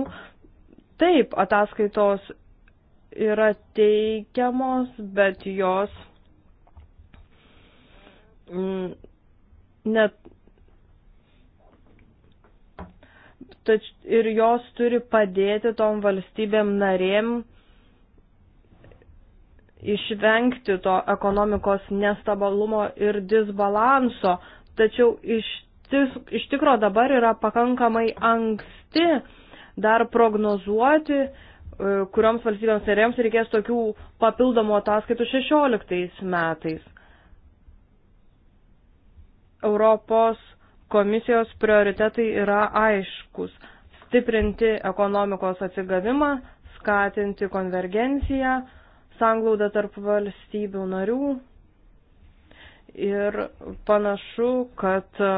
Taip, ataskaitos yra teikiamos, bet jos mm, net tač, ir jos turi padėti tom valstybėm narėm išvengti to ekonomikos nestabilumo ir disbalanso, tačiau iš, iš tikro dabar yra pakankamai anksti dar prognozuoti, e, kurioms valstybėms narėms reikės tokių papildomų ataskaitų 16 metais. Europos komisijos prioritetai yra aiškus - stiprinti ekonomikos atsigavimą, skatinti konvergenciją, sanglauda tarp valstybių narių ir panašu, kad e,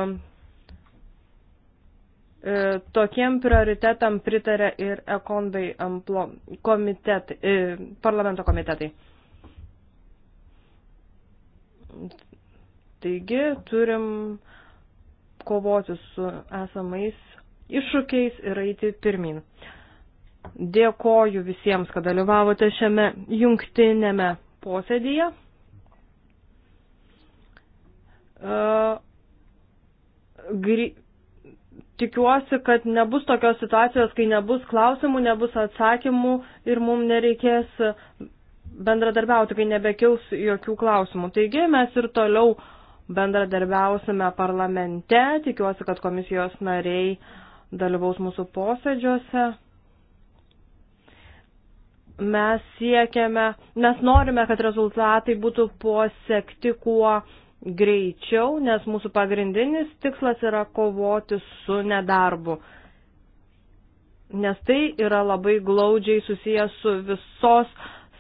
tokiem prioritetam pritarė ir ekonbai amplo komitet, e, parlamento komitetai. Taigi turim kovoti su esamais iššūkiais ir eiti pirmin. Dėkoju visiems, kad dalyvavote šiame jungtinėme posėdyje. Uh, e, gri... Tikiuosi, kad nebus tokios situacijos, kai nebus klausimų, nebus atsakymų ir mums nereikės bendradarbiauti, kai nebekils jokių klausimų. Taigi mes ir toliau bendradarbiausime parlamente. Tikiuosi, kad komisijos nariai dalyvaus mūsų posėdžiuose mes siekiame, mes norime, kad rezultatai būtų pasiekti kuo greičiau, nes mūsų pagrindinis tikslas yra kovoti su nedarbu. Nes tai yra labai glaudžiai susijęs su visos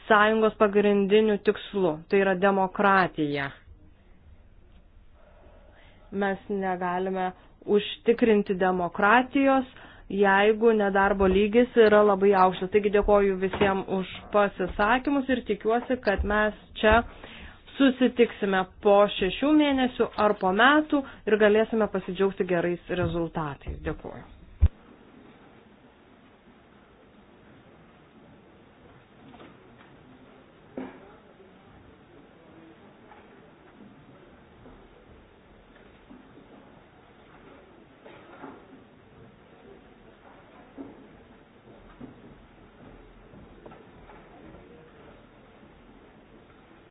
sąjungos pagrindiniu tikslu. Tai yra demokratija. Mes negalime užtikrinti demokratijos, jeigu nedarbo lygis yra labai aukštas. Taigi dėkoju visiems už pasisakymus ir tikiuosi, kad mes čia susitiksime po šešių mėnesių ar po metų ir galėsime pasidžiaugti gerais rezultatais. Dėkuoju.